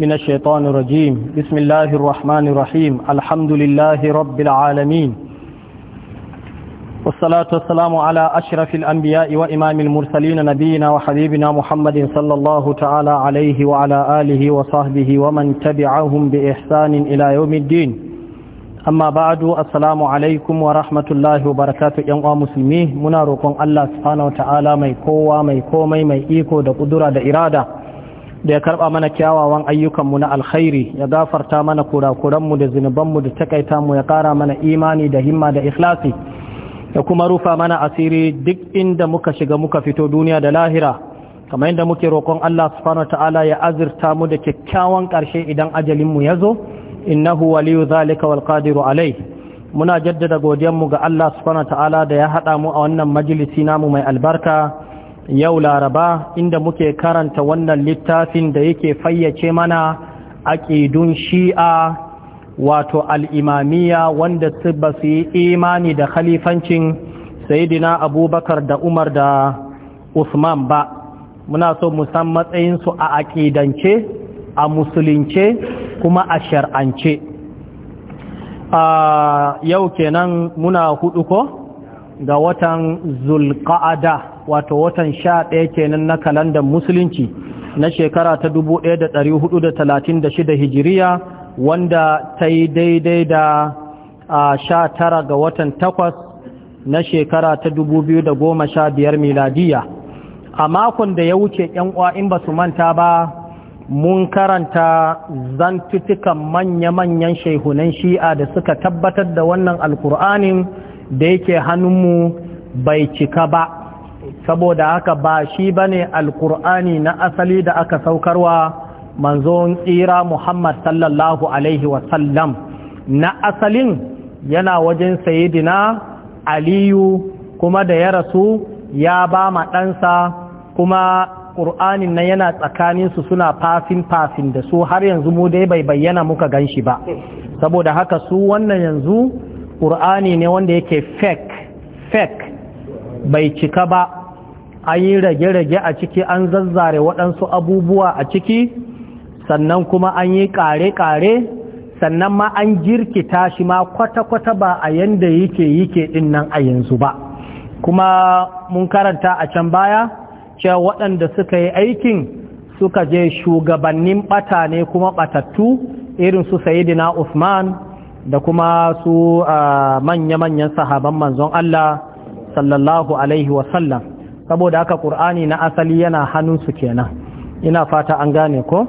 من الشيطان الرجيم بسم الله الرحمن الرحيم الحمد لله رب العالمين والصلاة والسلام على أشرف الأنبياء وإمام المرسلين نبينا وحبيبنا محمد صلى الله تعالى عليه وعلى آله وصحبه ومن تبعهم بإحسان إلى يوم الدين أما بعد assalamu عليكم ورحمة الله وبركاته barakatuh yan منا musulmi muna roƙon Allah subhanahu wa ta'ala mai kowa mai da ya karba mana kyawawan ayyukanmu na alkhairi ya gafarta mana kurakuranmu da zunubanmu da takaita mu ya kara mana imani da himma da ikhlasi da kuma rufa mana asiri duk inda muka shiga muka fito duniya da lahira kamar yadda muke roƙon Allah subhanahu ya azurta mu da kyakkyawan ƙarshe idan ajalin mu yazo innahu waliyu zalika wal qadiru alai muna jaddada godiyar mu ga Allah subhanahu da ya hada mu a wannan majalisi namu mai albarka yau laraba inda muke karanta wannan littafin da yake fayyace mana aƙidun shi'a wato al'imamiya wanda su ba su yi imani da khalifancin sayidina abubakar da umar da usman ba muna so musan matsayinsu a aƙidance a musulunce kuma a shar'ance ah, yau kenan muna hudu ko? ga watan zulqa'ada wato watan sha ɗaya kenan na kalandar musulunci na shekara ta 1436 hijiriya wanda ta yi daidai da sha tara ga watan takwas na shekara ta 2015 miladiya a makon da ya wuce yan uwa in ba su manta ba mun karanta zantutukan manya-manyan shaihunan shi'a da suka tabbatar da wannan alkur'anin da yake hannunmu bai cika ba saboda haka ba shi ba ne alkur'ani na asali da aka saukarwa manzon tsira muhammad sallallahu alaihi wasallam na asalin yana wajen sayidina aliyu kuma da ya rasu ya ba maɗansa kuma ƙur'anin nan yana tsakaninsu suna fafin-fafin da su har yanzu mu dai bai bayyana muka gan shi ba saboda haka su wannan yanzu ƙur'ani ne wanda yake fake fake bai cika ba an yi rage-rage a ciki an zazzare waɗansu abubuwa a ciki sannan kuma an yi ƙare-ƙare sannan ma an jirkita shi ma kwata-kwata ba a yanda yake yake ɗin a yanzu ba kuma mun karanta a can baya cewa waɗanda suka yi aikin suka je shugabannin ɓata ne kuma ɓatattu irin su sayidina Usman da kuma su manya-manyan sahaban manzon Allah sallallahu alaihi wasallam saboda haka ƙur'ani na asali yana hannun su kenan ina fata an gane ko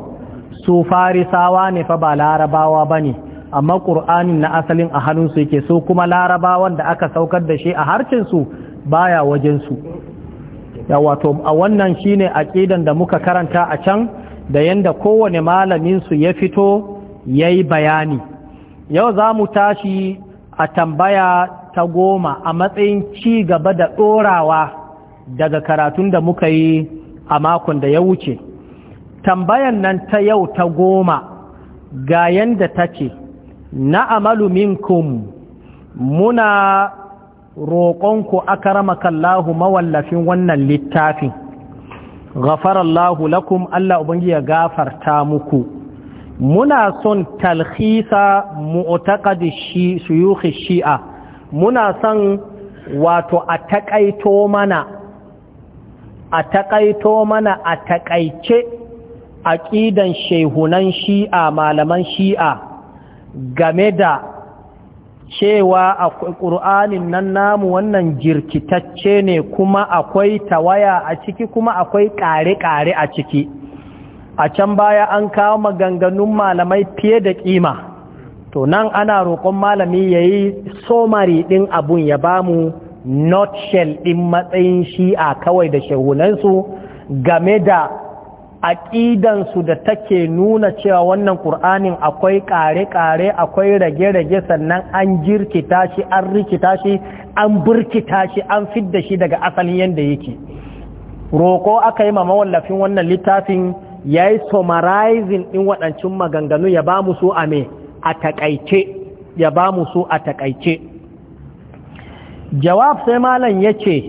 su farisawa ne fa ba larabawa ba ne amma ƙur'ani na asalin a hannunsu yake so kuma larabawan da aka saukar da shi a harcinsu baya wajensu ya wato a wannan shine aƙidan da muka karanta a can da yanda kowane malaminsu ya fito ya yi bayani yau za mu tashi a tambaya ta goma a matsayin ci gaba da ɗorawa daga karatun da muka yi a makon da ya wuce tambayan nan ta yau ta goma ga yanda ta ce na amalu minkum muna roƙonku Lahu mawallafin wannan littafin ghafarallahu lakum Allah ubangiji ya gafarta muku muna son talhisa mu'taqadi shi shuyukhi shi'a muna son wato a takaito mana a takaito mana a takaice aqidan shehunan shi'a malaman shi'a game da cewa a ƙur'anin nan namu wannan jirkitacce ne kuma akwai tawaya a ciki kuma akwai ƙare-ƙare a ciki a can baya an kawo maganganun malamai fiye da kima to nan ana roƙon malami ya yi somari ɗin abun ya ba mu nutshell ɗin matsayin shi'a kawai da shehunansu game da aƙidansu da take nuna cewa wannan ƙur'anin akwai ƙare-ƙare akwai rage-rage sannan an jirkita shi an rikita shi an burkita shi an fidda shi daga asalin yadda yake roƙo aka yi ma mawallafin wannan littafin ya yi summarizing ɗin waɗancin maganganu ya ba mu su a me a taƙaice ya ba mu su a taƙaice jawab sai malam ya ce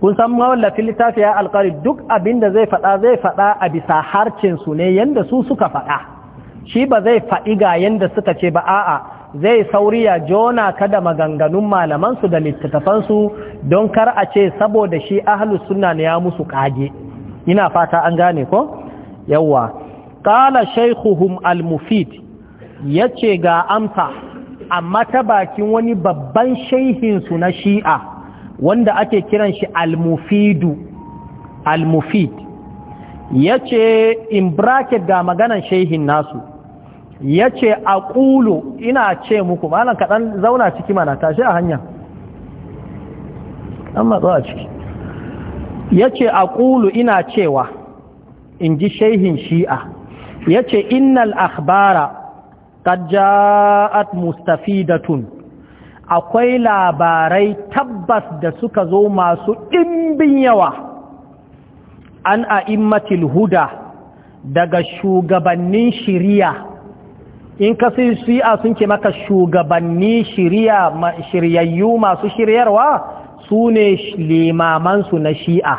kun san mawallafin littafi ya alƙari duk abin da zai faɗa zai faɗa a bisa harcinsu ne yadda su suka faɗa shi ba zai faɗi ga yadda suka ce ba a'a zai sauri ya jona kada maganganun malamansu da littattafansu don kar a ce saboda shi ahalus sunna ne ya musu kage ina fata an gane ko yawa qala shaykhuhum al-mufid yace ga amsa amma ta bakin wani babban shaihin su na shi'a wanda ake kiran shi al-mufidu al-mufid yace in bracket ga maganan shaihin nasu yace aqulu ina ce muku malan kadan zauna ciki mana tashi a hanya amma matsa a ciki yace aqulu ina cewa in ji shaihin shi'a ya ce innal akhbara qad ja'at tun akwai labarai tabbas da suka zo masu ɗimbin yawa an a immatil huda daga shugabannin shiriya in ka shi'a sun ke maka shugabanni shiriya shiryayyu masu shiryarwa su ne limamansu na shi'a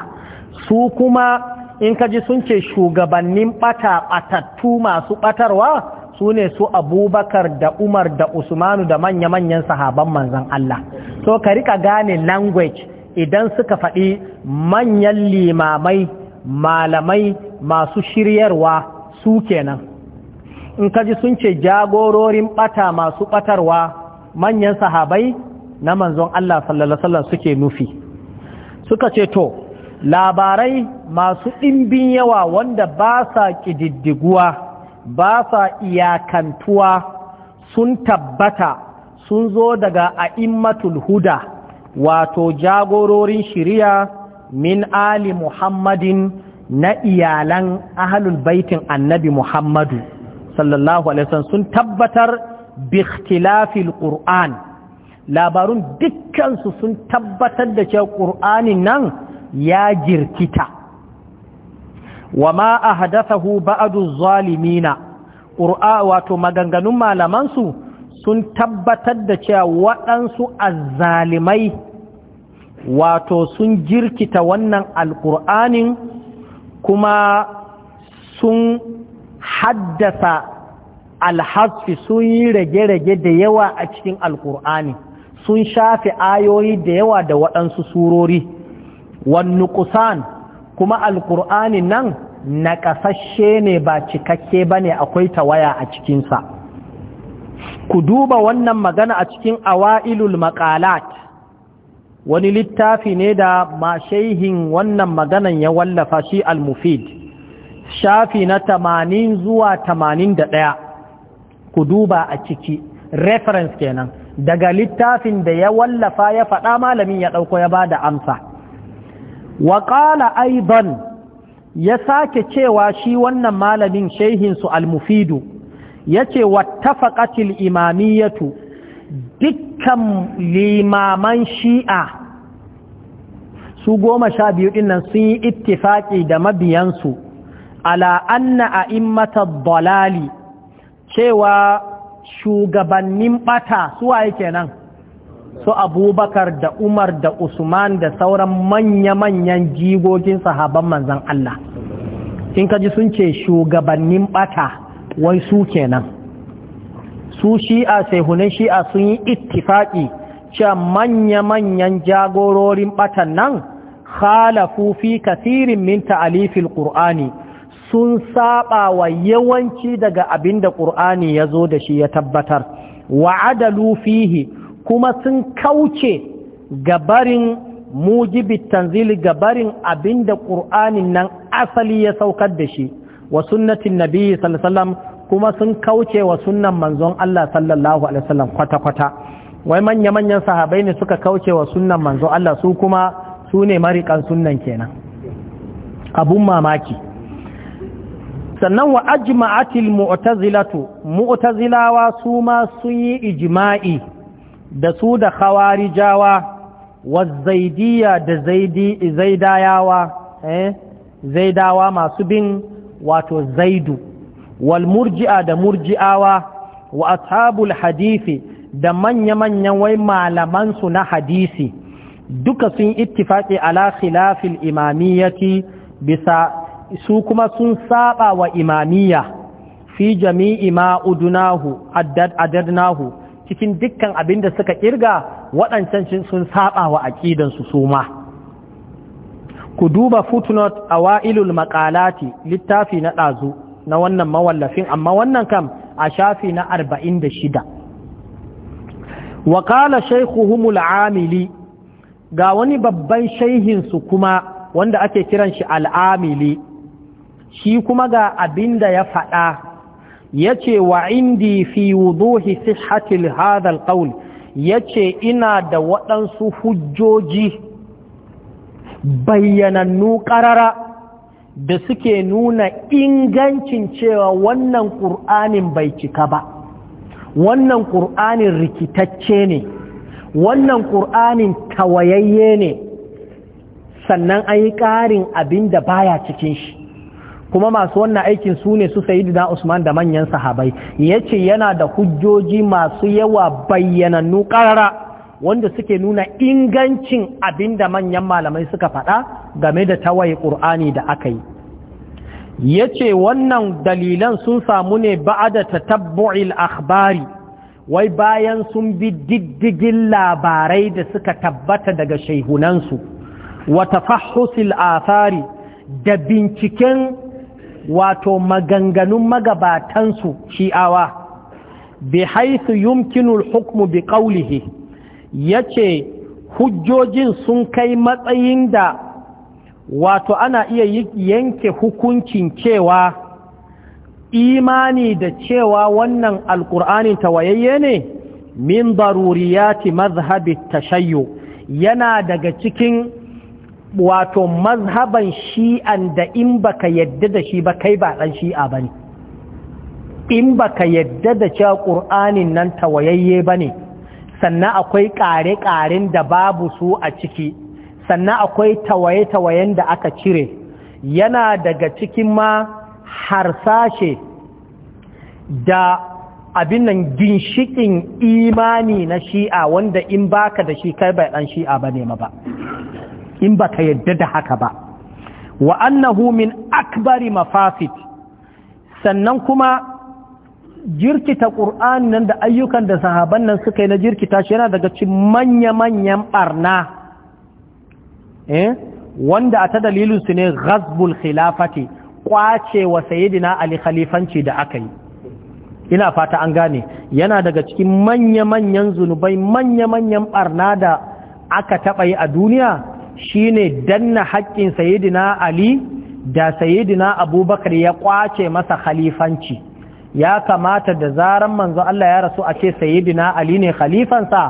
su kuma in ka ji sun ce shugabannin ɓata ɓatattu masu ɓatarwa su ne su abubakar da umar da usmanu da manya-manyan sahaban manzan Allah so ka rika gane language idan suka faɗi manyan limamai malamai masu shiryarwa su kenan in ka ji sun ce jagororin ɓata masu ɓatarwa manyan sahabai na manzon Allah sallallahu suke nufi suka ce to labarai masu ɗimbin yawa wanda ba sa ƙididdiguwa ba sa iyakantuwa sun tabbata sun zo daga a'immatul huda wato jagororin shiriya min ali muhammadin na iyalan ahalul baitin annabi muhammadu sallallahu alaihi sun tabbatar bi ikhtilafil qur'an labarun dukkansu sun tabbatar da cewa qur'anin nan ya jirkita wa ma ahdathahu ba'du zalimina qur'a wato maganganun malaman su sun tabbatar da cewa waɗansu azzalimai wato sun jirkita wannan alƙur'anin kuma sun haddasa alhasfi sun yi rage-rage da yawa a cikin alƙur'ani sun shafe ayoyi da yawa da waɗansu surori wannu kusan kuma alƙur'ani nan ƙasashe ne ba cikakke ba ne akwai tawaya a cikinsa ku duba wannan magana a cikin awa'ilul maƙalat, wani littafi ne da mashaihin wannan maganan ya wallafa shi al-mufid shafi na tamanin zuwa tamanin da ɗaya ku duba a ciki reference kenan daga littafin da ya wallafa ya faɗa malamin ya ɗauko ya ba da amsa waƙala aiban ya sake cewa shi wannan malamin shehinsu al-mufidu ya ce wattafaƙatil imamiyatu dukkan limaman shi'a su goma sha biyu dinnan sun yi ittifaƙi da mabiyansu ala anna a immata dalali cewa shugabannin ɓata suwaye kenan nan su abubakar da umar da usman da sauran manya-manyan jigogin sahaban manzan Allah in ka ji sun ce shugabannin bata wai su kenan su shi'a sai hunan shi'a sun yi ittifaki cewa manya-manyan jagororin batan nan khalafu fi kasirin min ta'alifil qur'ani sun saba wa yawanci daga abin da qur'ani ya zo da shi ya tabbatar adalu fihi kuma sun kauce gabarin mujibi tanzili gabarin abinda ƙur'anin nan asali ya saukar da shi wa sunnatin nabi sallallahu kuma sun kauce wa sunnan manzon Allah sallallahu alaihi wasallam kwata-kwata wai manya-manyan sahabai ne suka kauce wa sunnan manzon Allah su kuma su ne marikan sunnan kenan abun mamaki sannan wa ajma'atil mu'tazilatu mu'tazilawa su ma sun yi ijma'i da su da khawarijawa zaidiya da zaidayawa eh, zaidawa masu bin wato zaidu wal murji'a da murji'awa wa ashabul hadisi da manya-manyan wai malamansu na hadisi duka sun ittifaqi ala khilafil imamiyyati bisa su kuma sun saba wa imamiyya fi jami'i ma adadnahu. cikin dukkan abin da suka kirga waɗancan sun saba wa aƙidansu su ma ku duba footnote a wa'ilul maƙalati littafi na ɗazu na wannan mawallafin amma wannan kam a shafi na arba'in da shida waƙala shaikuhumul amili ga wani babban shaihinsu kuma wanda ake kiran shi al'amili shi kuma ga abin da ya faɗa yace wa indi fi wuduhi sihhatil hadha alqawl yace ina da waɗansu hujjoji bayyanannu ƙarara da suke nuna ingancin cewa wannan ƙur'anin bai cika ba wannan ƙur'anin rikitacce ne wannan ƙur'anin tawayayye ne sannan an yi ƙarin abin da baya cikin shi kuma masu wannan aikin su ne su sayyidina Usman da manyan sahabai yace yana da hujjoji masu yawa bayyanannu karara wanda suke nuna ingancin abinda manyan malamai suka faɗa game da tawaye Qur'ani da aka yi yace wannan dalilan sun samu ne ba'ada tatabbu'il akhbari wai bayan sun bi diddigin labarai da suka tabbata daga shaihunansu wa tafahhusil athari da binciken wato maganganun magabatansu shi'awa bi haithu yumkinul hukmu bi qawlihi yace hujjojin sun kai matsayin da wato ana iya yanke hukuncin cewa imani da cewa wannan ta tawayayye ne min daruriyati mazhabi tashayyu yana daga cikin wato mazhaban shi'an da in baka yadda da shi ba kai ba ɗan shi'a ba ne in baka yadda da cewa ƙur'anin nan tawayayye ba ne sannan akwai ƙare-ƙaren da babu su a ciki sannan akwai tawaye-tawayen da aka cire yana daga cikin ma harsashe da abin nan ginshikin imani na shi'a wanda in baka da shi kai ba ɗan shi'a ba ne ma ba in ba ka yadda da haka ba wa annahu min akbari mafafit sannan kuma jirkita ƙur'ani nan da ayyukan da sahaban nan suka yi na jirkita shi yana daga cikin manya-manyan ɓarna eh? wanda a ta dalilinsu ne ghazbul khilafati kwace wa sayidina ali khalifanci da aka yi ina fata an gane yana daga cikin manya-manyan zunubai manya-manyan barna da aka taɓa yi a duniya shine danna haƙƙin sayidina ali da sayidina abubakar ya ƙwace masa khalifanci ya kamata da zaran manzo Allah ya rasu a ce sayidina ali ne khalifansa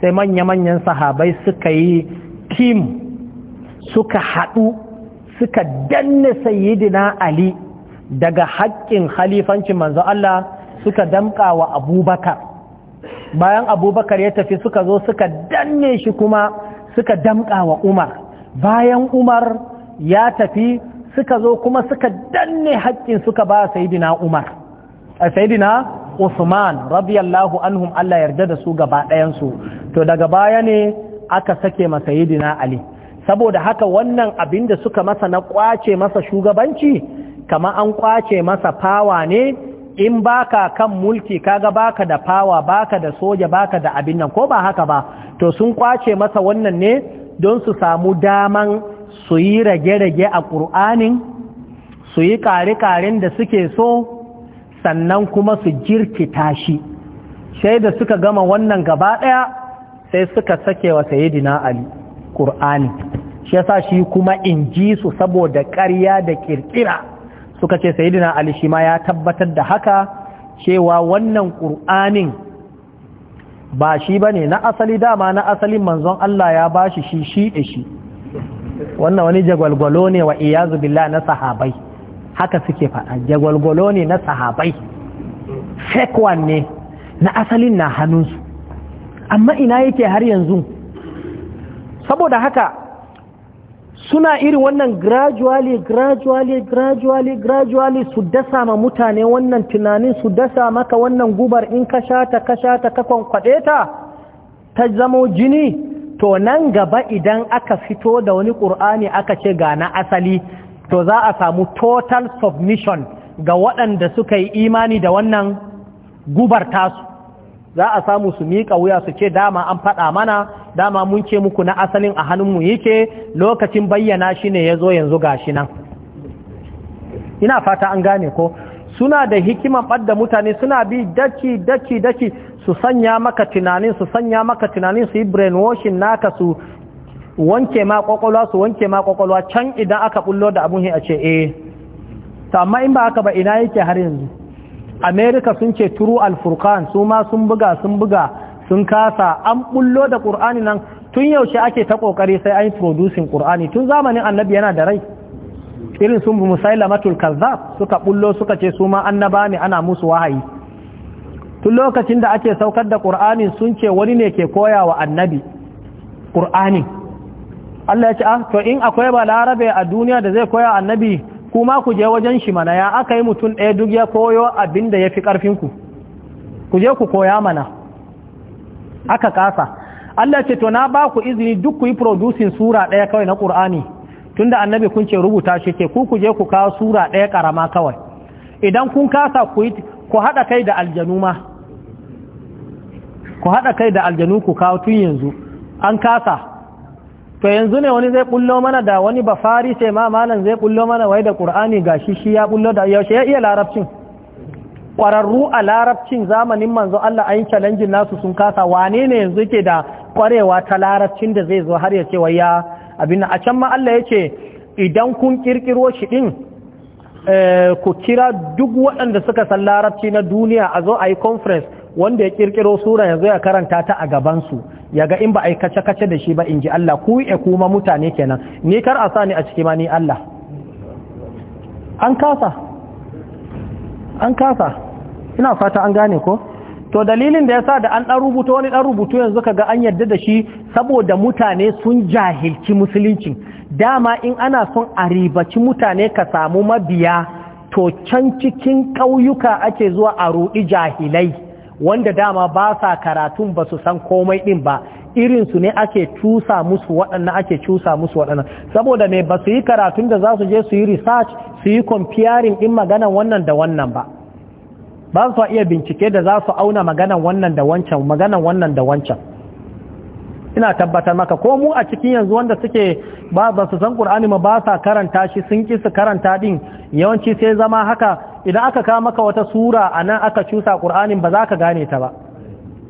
sai manya-manyan sahabai suka yi tim suka haɗu suka danna sayidina ali daga haƙƙin khalifanci manzo Allah suka damƙa wa abubakar bayan abubakar ya tafi suka zo suka danne shi kuma suka damƙa wa umar bayan umar ya tafi suka zo kuma suka danne haƙƙin suka ba sayidina umar sayidina usman radiyallahu anhum allah yarda da su gaba ɗayansu to daga baya ne aka sake ma sayidina ali saboda haka wannan abin da suka masa na kwace masa shugabanci kama an kwace masa fawa ne in baka kan mulki kaga baka da fawa baka da soja baka da abin nan ko ba haka ba to sun kwace masa wannan ne don su samu daman su yi rage-rage a ƙur'anin su yi ƙari-ƙarin da suke so sannan kuma su jirkita shi sai da suka gama wannan gaba ɗaya sai suka sake wa sayidina ali ƙur'ani shi yasa shi kuma in ji su saboda ƙarya da ƙirƙira suka ce sayidina ali shi ma ya tabbatar da haka cewa wannan ƙur'anin ba shi bane na asali dama na asalin manzon Allah ya bashi shi shi da shi wannan wani jagwalgwalo ne wa iyazu billah na sahabai haka suke faɗa jagwalgwalo ne na sahabai fake one ne na asalin na su amma ina yake har yanzu saboda haka suna irin wannan gradually gradually gradually gradually su dasa ma mutane wannan tunanin su dasa maka wannan gubar in ka shata ka shata ka kwankwade ta ta zamo jini to nan gaba idan aka fito da wani ƙur'ani aka ce ga na asali to za a samu total submission ga waɗanda suka yi imani da wannan gubar tasu za a samu su miƙa wuya su ce dama an faɗa mana dama mun ce muku na asalin a hannunmu yake lokacin bayyana shi ne ya zo yanzu gashi nan ina fata an gane ko suna da hikiman ɓadda mutane suna bi daki daki daki su sanya maka tunanin su sanya maka tunanin su yi brainwashing naka su wanke ma kwakwalwa su wanke ma kwakwalwa can idan aka bullo da abun a ce eh to amma in ba haka ba ina yake har yanzu amerika sun ce turu alfurkan su ma sun buga sun buga sun kasa an bullo da qur'ani nan tun yaushe ake ta kokari sai an yi producing qur'ani tun zamanin annabi yana da rai irin sun musailamatul kazzab suka bullo suka ce su ma annaba ne ana musu wahayi tun lokacin da ake saukar da qur'ani sun ce wani ne ke koya wa annabi qur'ani Allah ya ce ah to in akwai balarabe a duniya da zai koya annabi kuma ku je wajen shi mana ya aka yi mutum ɗaya duk ya koyo abin da ya fi ƙarfinku ku je ku koya mana aka kasa Allah ce to na ba ku izini duk ku yi producing sura ɗaya kawai na ƙur'ani tunda annabi kun ce rubuta shi ke ku ku je ku kawo sura ɗaya ƙarama kawai idan kun kasa ku haɗa kai da aljanu ma ku haɗa kai da aljanu ku kawo tun yanzu an kasa to yanzu ne wani zai bullo mana da wani ba fari sai ma malam zai bullo mana wai da qur'ani gashi shi ya bullo da yaushe ya iya larabcin kwararru a larabcin zamanin manzo Allah ayi challenge nasu sun kasa wane ne yanzu ke da kwarewa ta larabcin da zai zo har ya ce wai ya abin a can ma Allah ya ce idan kun kirkiro shi din eh, ku kira duk waɗanda suka san larabci na duniya a zo a yi conference wanda ya kirkiro sura yanzu ya karanta ta a gabansu ya ga in ba a yi kace-kace da shi ba in ji Allah ku ya kuma mutane kenan ni kar a sa a ciki ma ni Allah an kasa an kasa ina fata an gane ko to dalilin da ya sa da an ɗan rubuta wani dan rubutu yanzu ka ga an yarda da shi saboda mutane sun jahilci musulunci dama in ana son a ribaci mutane ka samu mabiya to can cikin ƙauyuka ake zuwa a ruɗi jahilai wanda dama ba sa karatun ba su san komai din ba irin irinsu ne ake cusa musu waɗannan ake cusa musu waɗannan saboda mai ba su yi karatun da za su je su yi research su yi comparing din maganan wannan da wannan ba ba su iya bincike da za su auna maganan wannan da wancan maganan wannan da wancan ina tabbatar maka ko mu a cikin yanzu wanda suke ba su san Qur'ani ma ba sa karanta shi sun ki su karanta din yawanci sai zama haka idan aka kawo maka wata sura a nan aka cusa ƙur'anin ba za ka gane ta ba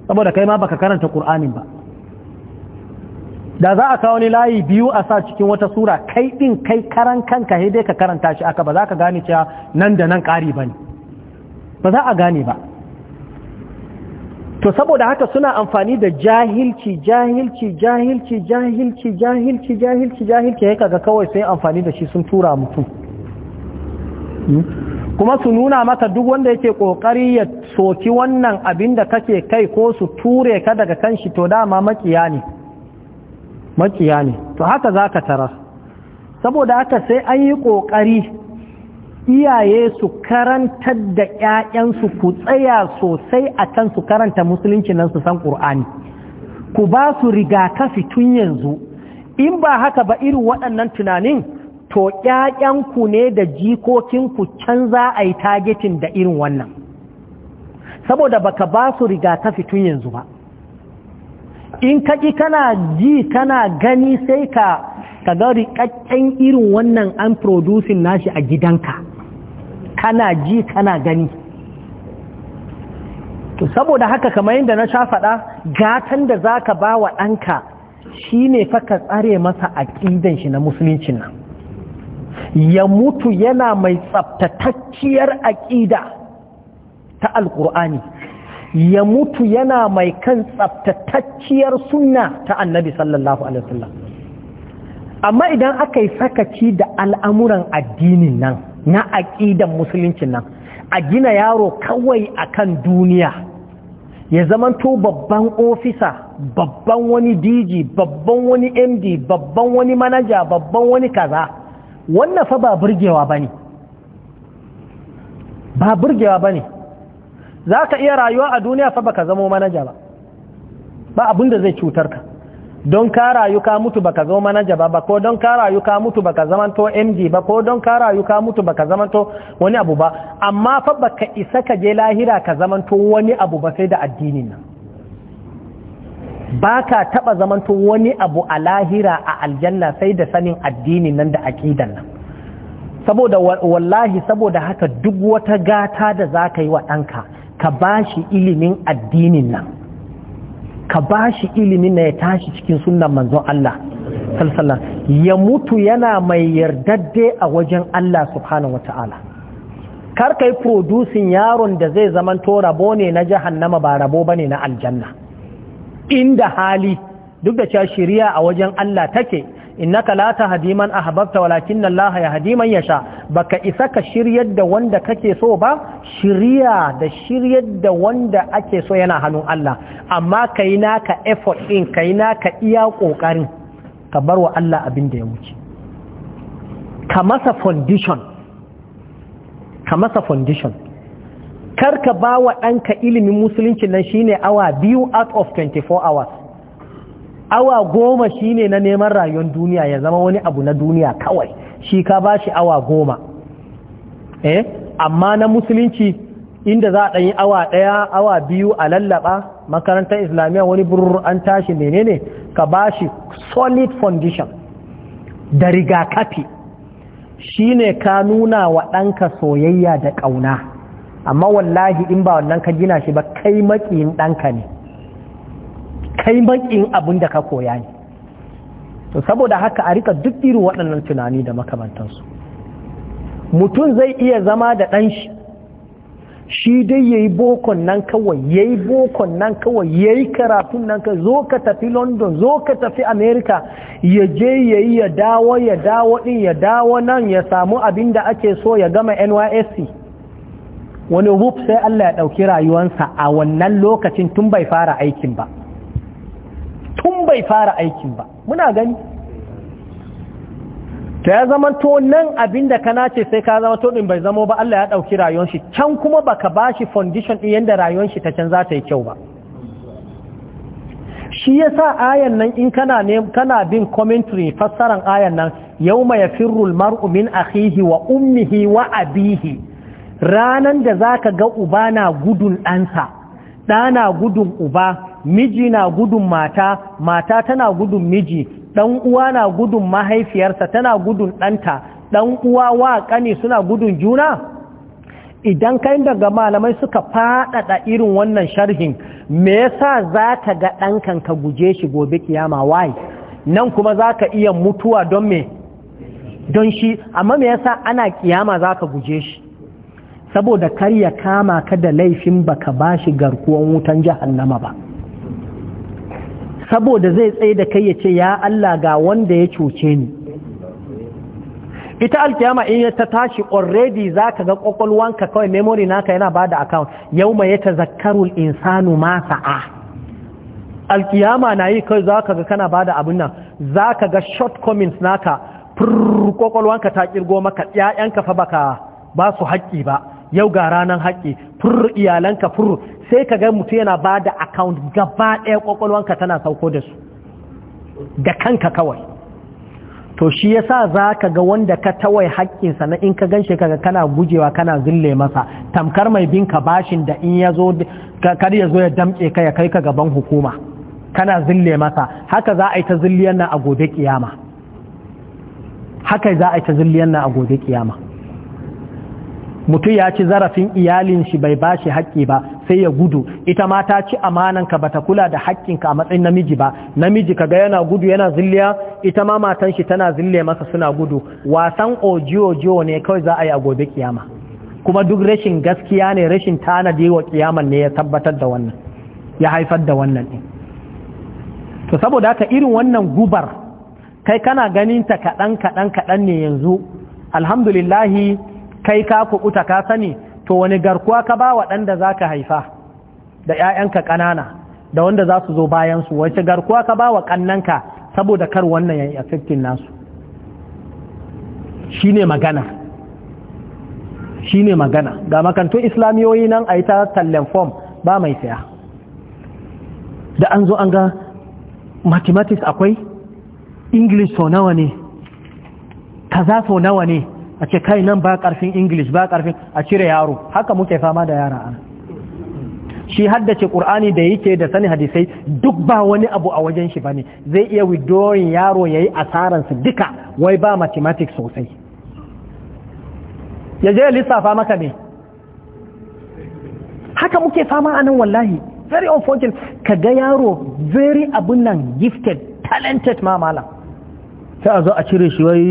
saboda kai ma baka karanta ƙur'anin ba da za a kawo ni layi biyu a sa cikin wata sura kai ɗin kai karan kanka sai dai ka karanta shi aka ba za ka gane cewa nan da nan ƙari ba ne ba za a gane ba to saboda haka suna amfani da jahilci jahilci jahilci jahilci jahilci jahilci jahilci ya kaga kawai sai amfani da shi sun tura mutum hmm? kuma su nuna maka duk wanda yake kokari ya soki wannan abin da kake kai ko su ture ka daga kan shi to dama makiya ne makiya ne to haka za ka saboda haka sai an yi kokari iyaye su karantar da 'ya'yansu ku tsaya sosai a kan su karanta musulunci nan su san qur'ani ku ba su rigakafi tun yanzu in ba haka ba irin waɗannan tunanin to ƴaƴanku ne da jikokinku can za a yi tagetin da irin wannan saboda baka ba su rigakafi tun yanzu ba in kaƙi kana ji kana gani sai ka ga riƙaƙƙen irin wannan an producing nashi a gidanka kana ji kana gani to saboda haka kamar yadda na sha faɗa gatan da za ka ba wa ɗanka shi ne fa ka tsare masa aƙidan shi na musuluncin nan ya mutu yana mai tsabtatacciyar aƙida ta alƙur'ani ya mutu yana mai kan tsabtatacciyar sunna ta annabi sallallahu alaihi wasallam amma idan aka yi sakaci da al'amuran addinin nan na aƙidan musuluncin nan a gina yaro kawai akan duniya ya zamanto babban ofisa babban wani dj babban wani md babban wani manaja babban wani kaza wannan fa ba burgewa ba ne ba burgewa ba ne za ka iya rayuwa a duniya fa baka zamo manaja ba ba abin da zai cutar ka don ka rayu ka mutu baka zama manaja ba ba ko don ka rayu ka mutu baka zamanto MD ba ko don ka rayu ka mutu baka zamanto wani abu ba amma fa baka isa ka je lahira ka zamanto wani abu ba sai da addinin nan ba ka taɓa zamanto wani abu a lahira a aljanna sai da sanin addini nan da aƙidan nan saboda wallahi saboda haka duk wata gata da za ka yi wa ɗanka ka ba shi ilimin addinin nan ka ba shi ilimin na ya tashi cikin sunan manzon Allah sallallahu ya mutu yana mai yardadde a wajen Allah subhanahu wa ta'ala kar ka yi producing yaron da zai to rabo ne na jahannama ba rabo bane na aljanna inda hali duk da cewa shari'a a wajen Allah take innaka la tahdi man ahbabta walakin Allah hadi man yasha baka isa ka shiryar da wanda kake so ba shiriya da shiryar da wanda ake so yana hannun Allah amma kai naka effort din kai naka iya kokarin ka bar wa Allah abin da ya wuce ka masa foundation ka masa foundation karka ba wa ɗanka ilimin musulunci nan shine awa biyu out of 24 hours awa goma shine na neman rayuwar duniya ya zama wani abu na duniya kawai shi ka ba shi awa goma eh amma na musulunci inda za a ɗanyi awa ɗaya awa biyu a lallaba makarantar islamiyya wani burur an tashi menene ka ba shi solid foundation da rigakafi shine ka nuna wa ɗanka soyayya da ƙauna amma wallahi in ba wannan ka gina shi ba kai maƙiyin ɗanka ne kai maƙiyin abin da ka koya ne to saboda haka a rika duk irin waɗannan tunani da makamantansu mutum zai iya zama da ɗan shi shi dai ya yi bokon nan kawai ya yi bokon nan kawai ya yi karatun nan kawai zo ka tafi london zo ka tafi america ya je ya yi ya dawo ya dawo ɗin ya dawo nan ya samu abin da ake so ya gama nysc wani rub sai Allah ya ɗauki rayuwansa a wannan lokacin tun bai fara aikin ba tun bai fara aikin ba muna gani ta ya zama to nan abin da ka nace sai ka zama to ɗin bai zama ba Allah ya ɗauki rayuwanshi can kuma baka ba shi foundation ɗin yadda rayuwanshi shi ta can za ta yi kyau ba shi ya sa ayan nan in kana ne kana bin commentary fassaran ayan nan yau mai firrul mar'u min wa ummihi wa abihi ranan da za ka ga uba na gudun ɗansa na gudun uba miji na gudun mata mata tana gudun miji ɗan uwa na gudun mahaifiyarsa tana gudun ɗanta ɗan uwa wa ƙani suna gudun juna idan kai daga malamai suka faɗaɗa irin wannan sharhin me yasa za ka ga ɗankan ka guje shi gobe kiyama wai nan kuma za ka iya mutuwa don me don shi amma me yasa ana kiyama za ka guje shi saboda kar ya kama ka da laifin baka shi garkuwan wutan jahannama ba saboda zai tsaye da kai ya ce ya Allah ga wanda ya cuce ni ita alkiyama in ya ta tashi already za ka ga kwakwalwanka kawai memory naka yana ba da account yau mai ya ta zakarul insanu ma sa'a alkiyama na yi kawai za ka ga kana ba da abin nan za ka ga shortcomings naka kwakwalwanka ta kirgo maka 'ya'yanka fa baka ba su haƙƙi ba yau ga ranar haƙƙi fur iyalanka fur sai ka ga mutu yana ba da account gaba ɗaya ƙwaƙwalwanka tana sauko da su da kanka kawai to shi ya sa, za ka ga wanda ka tawai haƙƙinsa na in ka gan shi kaga kana gujewa kana zille masa tamkar mai bin ka bashin da in ya zo kar ya zo ya damƙe ka ya kai ka gaban hukuma kana zille masa haka za a yi ta zilliyan nan a gobe kiyama a gobe kiyama mutum ya ci zarafin iyalin shi bai bashi haƙƙi ba sai ya gudu ita ma ta ci amananka ba ta kula da haƙƙinka a matsayin namiji ba namiji kaga yana gudu yana zilliya ita ma matan shi tana zille masa suna gudu wasan ojiyo ne kawai za a yi a gobe kiyama kuma duk rashin gaskiya ne rashin tanadi wa kiyaman ne ya tabbatar da wannan ya haifar da wannan ɗin to saboda haka irin wannan gubar kai kana ganin ta kaɗan kaɗan kaɗan ne yanzu alhamdulillahi kai ka kuɓuta ka sani to wani garkuwa ka ba waɗanda za ka haifa da 'ya'yanka ƙanana da wanda za su zo bayansu wace garkuwa ka ba wa ƙannanka saboda kar wannan ya yi affecting nasu shi ne magana shi ne magana ga makantun islamiyoyi nan a yi ta tallen form ba mai saya da an zo an ga mathematics akwai english so nawa ne kaza so nawa ne a ce kai nan ba karfin english ba karfin a cire yaro haka muke fama da yara ana shi haddace qur'ani da yake da sani hadisai duk ba wani abu a wajen shi ba ne zai iya withdrawing yaro yayi asaran su duka wai ba mathematics sosai ya je lissafa maka ne haka muke fama anan wallahi very unfortunate ka ga yaro very abun nan gifted talented ma malam sai a zo a cire shi wai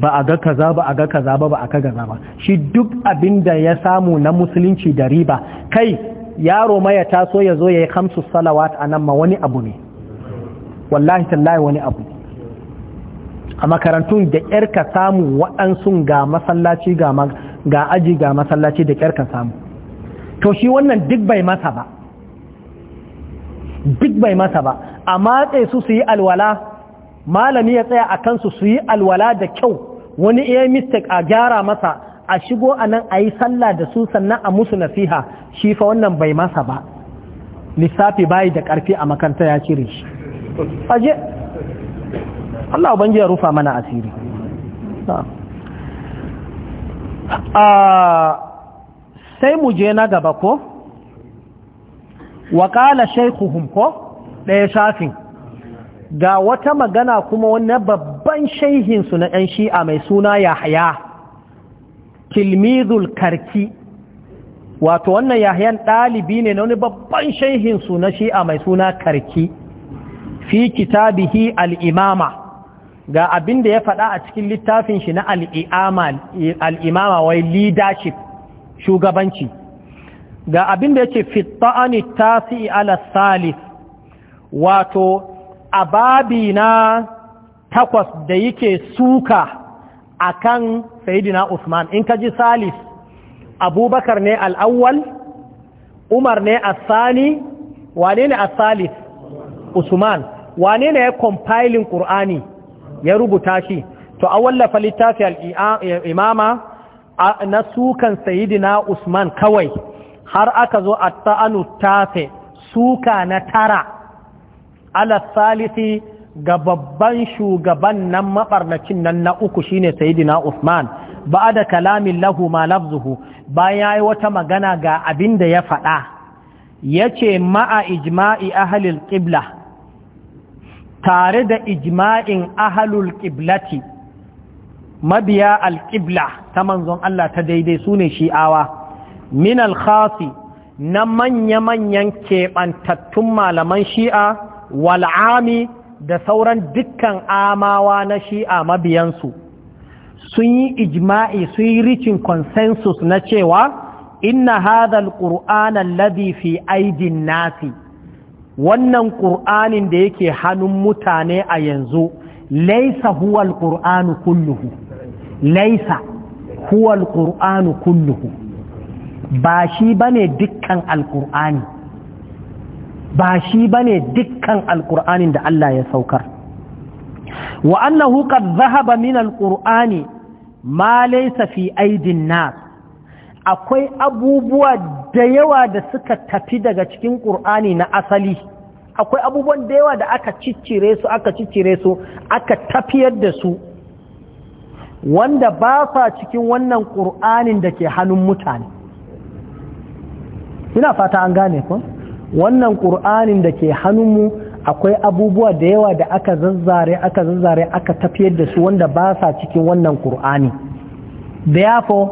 ba a ga kaza ba a ga kaza ba ba a ka kaza ba shi duk abin da ya samu na musulunci da riba kai yaro mai ya taso ya zo ya yi hamsu salawat a nan ma wani abu ne wallahi tallahi wani abu a makarantun da ƙyar ka samu waɗansu ga masallaci ga aji ga masallaci da ƙyar ka samu to shi wannan duk bai masa ba duk bai masa ba a matse su su yi alwala malami ya tsaya a kansu su yi alwala da kyau wani iya mistik a gyara masa a shigo a nan a yi sallah da su sannan a musu nasiha shi fa wannan bai masa ba lissafi bayi da ƙarfi a makanta ya cire shi aje Allah ubangi ya rufa mana asiri sai mu je na gaba ko wa ƙala shaykhuhum ko ɗaya shafin ga wata magana kuma wani babban shaihinsu na 'yan shi'a mai suna yahaya kilmizul karki wato wannan yahayan ɗalibi ne na wani babban shaihinsu na shi'a mai suna karki fi kitabihi al'imama ga abin da ya faɗa a cikin littafin shi na al'imama wai leadership shugabanci ga abin da ya ce fitta'ani tasi ala salif wato a babi na takwas da yake suka akan sayidina Usman in ka ji salis abubakar ne al'awwal umar ne asali wane ne asalis usman wane ne ya compiling ƙur'ani ya rubuta shi to a wallafa littafi al'imama na sukan sayidina usman kawai har aka zo a ta'anu tafe suka na tara ala salisi ga babban shugaban nan maɓarnacin nan na uku shine sayidina Usman ba da kalamin lahu ma lafzuhu bayan ya yi wata magana ga abin da ya faɗa ya ce ma'a ijma'i ahalil ƙibla tare da ijma'in ahalul ƙiblati mabiya alƙibla ta manzon Allah ta daidai su ne shi'awa min alkhasi na manya-manyan keɓantattun malaman shi'a wal'ami da sauran dukkan amawa na shi'a mabiyansu sun yi ijma'i sun yi rikin consensus na cewa inna hadhal qur'ana alladhi fi aidin nasi wannan qur'anin da yake hannun mutane a yanzu laisa huwa alqur'anu kulluhu laisa huwa alqur'anu kulluhu ba shi bane dukkan alqur'ani ba shi bane dukkan alqur'anin da Allah ya saukar wa annahu qad dhahaba min alqur'ani ma laysa fi aidin nas akwai abubuwa da yawa da suka tafi daga cikin ƙur'ani na asali akwai abubuwan da yawa da aka ciccire su aka ciccire su aka tafiyar da su wanda ba sa cikin wannan ƙur'anin da ke hannun mutane ina fata an gane ko? wannan ƙur'anin da ke hannunmu akwai abubuwa da yawa da aka zazzare aka zazzare aka tafiyar da su wanda ba sa cikin wannan ƙur'ani therefore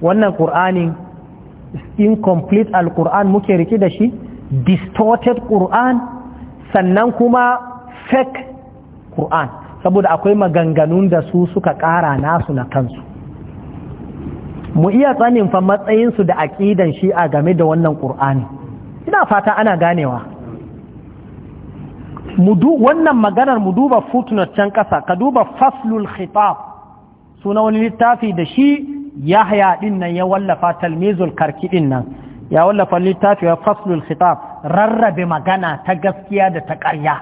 wannan ƙur'ani incomplete al-ƙur'an muke rike da shi distorted ƙur'an sannan kuma fake ƙur'an saboda akwai maganganun da su suka ƙara nasu na kansu mu iya tsanin fa matsayinsu da aƙidan shi a game da wannan ƙur'ani ina fata ana ganewa wannan maganar mu duba futunacen can ƙasa ka duba faslul khitab suna wani littafi da shi yahya din nan ya wallafa talmizul karki nan ya wallafa littafi ya faslul khitab rarrabe magana ta gaskiya da ta ƙarya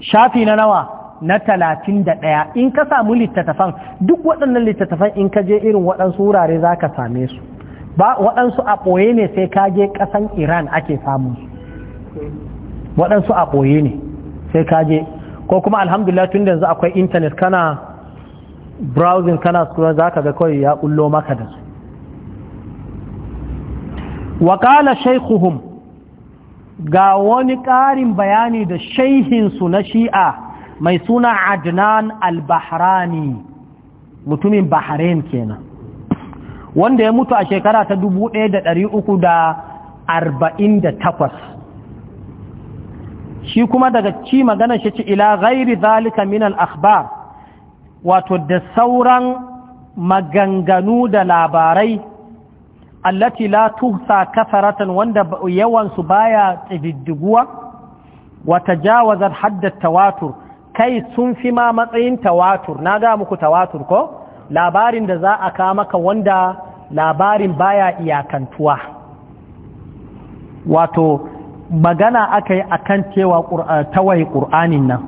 shafi na nawa na talatin da ɗaya in ka samu littattafan duk waɗannan littattafan in ka je irin waɗansu wurare za ka same su ba waɗansu a ɓoye ne sai kaje ƙasan iran ake su. waɗansu a ɓoye ne sai kaje. ko kuma alhamdulillah tun da akwai intanet kana browsing kana scroll za ka ga kawai ya ɓullo maka da su waƙala shaikuhum ga wani ƙarin bayani da shaihinsu na shi'a mai suna adnan al-bahrani mutumin bahrain kenan wanda ya mutu a shekara ta 1348 shi kuma daga ci magana shi ci ila ghairi zalika min al-akhbar wato da sauran maganganu da labarai allati la tuhsa kafaratan wanda yawansu baya tsididdiguwa wa tajawazar hadda tawatur kai sun fi ma matsayin tawatur na ga muku tawatur ko labarin da za a kawo maka wanda labarin baya iyakantuwa wato magana aka yi akan cewa eh, tawaye ƙur'anin nan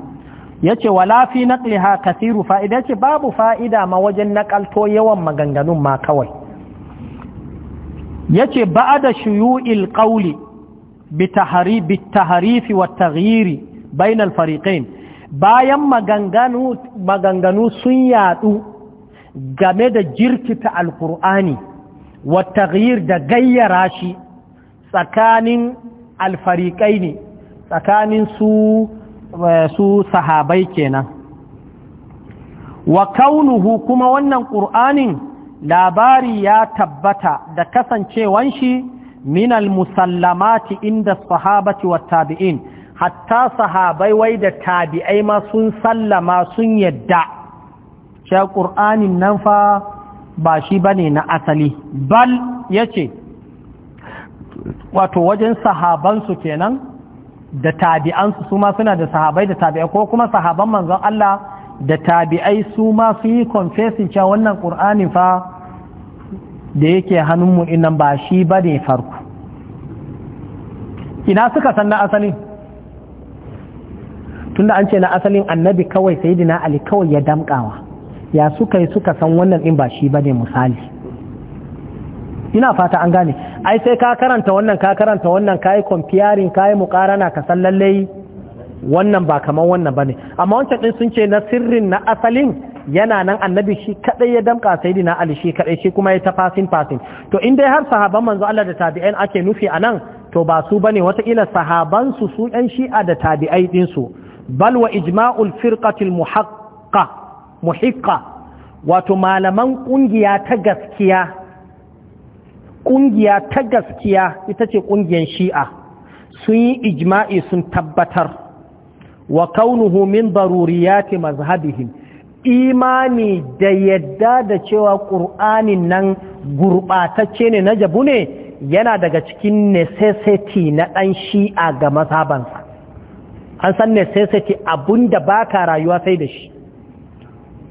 ya ce wala fi naƙliha kasiru fa'ida ce babu fa'ida ma wajen naƙalto yawan maganganun ma kawai ya ce ba da shuyu'il ƙauli bitaharifi wa taghyiri bainal fariqain bayan maganganu sun yadu game da jirkita alkur'ani wata taghyir da gayyara shi tsakanin alfariƙai ne tsakanin su eh, su sahabai kenan wa kaunuhu kuma wannan ƙur'anin labari ya tabbata da kasancewan shi minal musallamati inda sahabati wa tabi'in hatta sahabai wai da tabi'ai ma sun sallama sun yadda cewa ƙur'anin nan fa ba shi bane na asali bal ya ce wato wajen sahabansu kenan da tabi'ansu su ma suna da sahabai da tabi'ai ko kuma sahaban manzon Allah da tabi'ai su ma su yi confessing cewa wannan ƙur'anin fa da yake hannunmu inan ba shi ba ne farko ina suka san na asalin tunda an ce na asalin annabi kawai sayidina ali kawai ya damƙawa ya suka yi suka san wannan in ba shi bane misali ina fata an gane ai sai ka karanta wannan ka karanta wannan ka yi comparing ka yi mukarana ka san lallai wannan ba kamar wannan ba ne. amma wancan din sun ce na sirrin na asalin yana nan annabi shi kadai ya damka sayyidina ali shi kadai shi kuma ya ta fasin fasin to in dai har sahaban manzo Allah da tabi'in ake nufi anan to ba su bane ila sahaban su su ɗan shi'a da tabi'ai ɗinsu bal wa ijma'ul firqatil muhaqqa muhiqqa wato malaman ƙungiya ta gaskiya ƙungiya ta gaskiya ita ce ƙungiyar shi'a sun yi ijma'i sun tabbatar wa kaunuhu min daruriyati mazhabihim imani da yadda da cewa ƙur'anin nan gurɓatacce ne na jabu ne yana daga cikin necessity na ɗan shi'a ga mazhabansa an san necessity abun da baka rayuwa sai da shi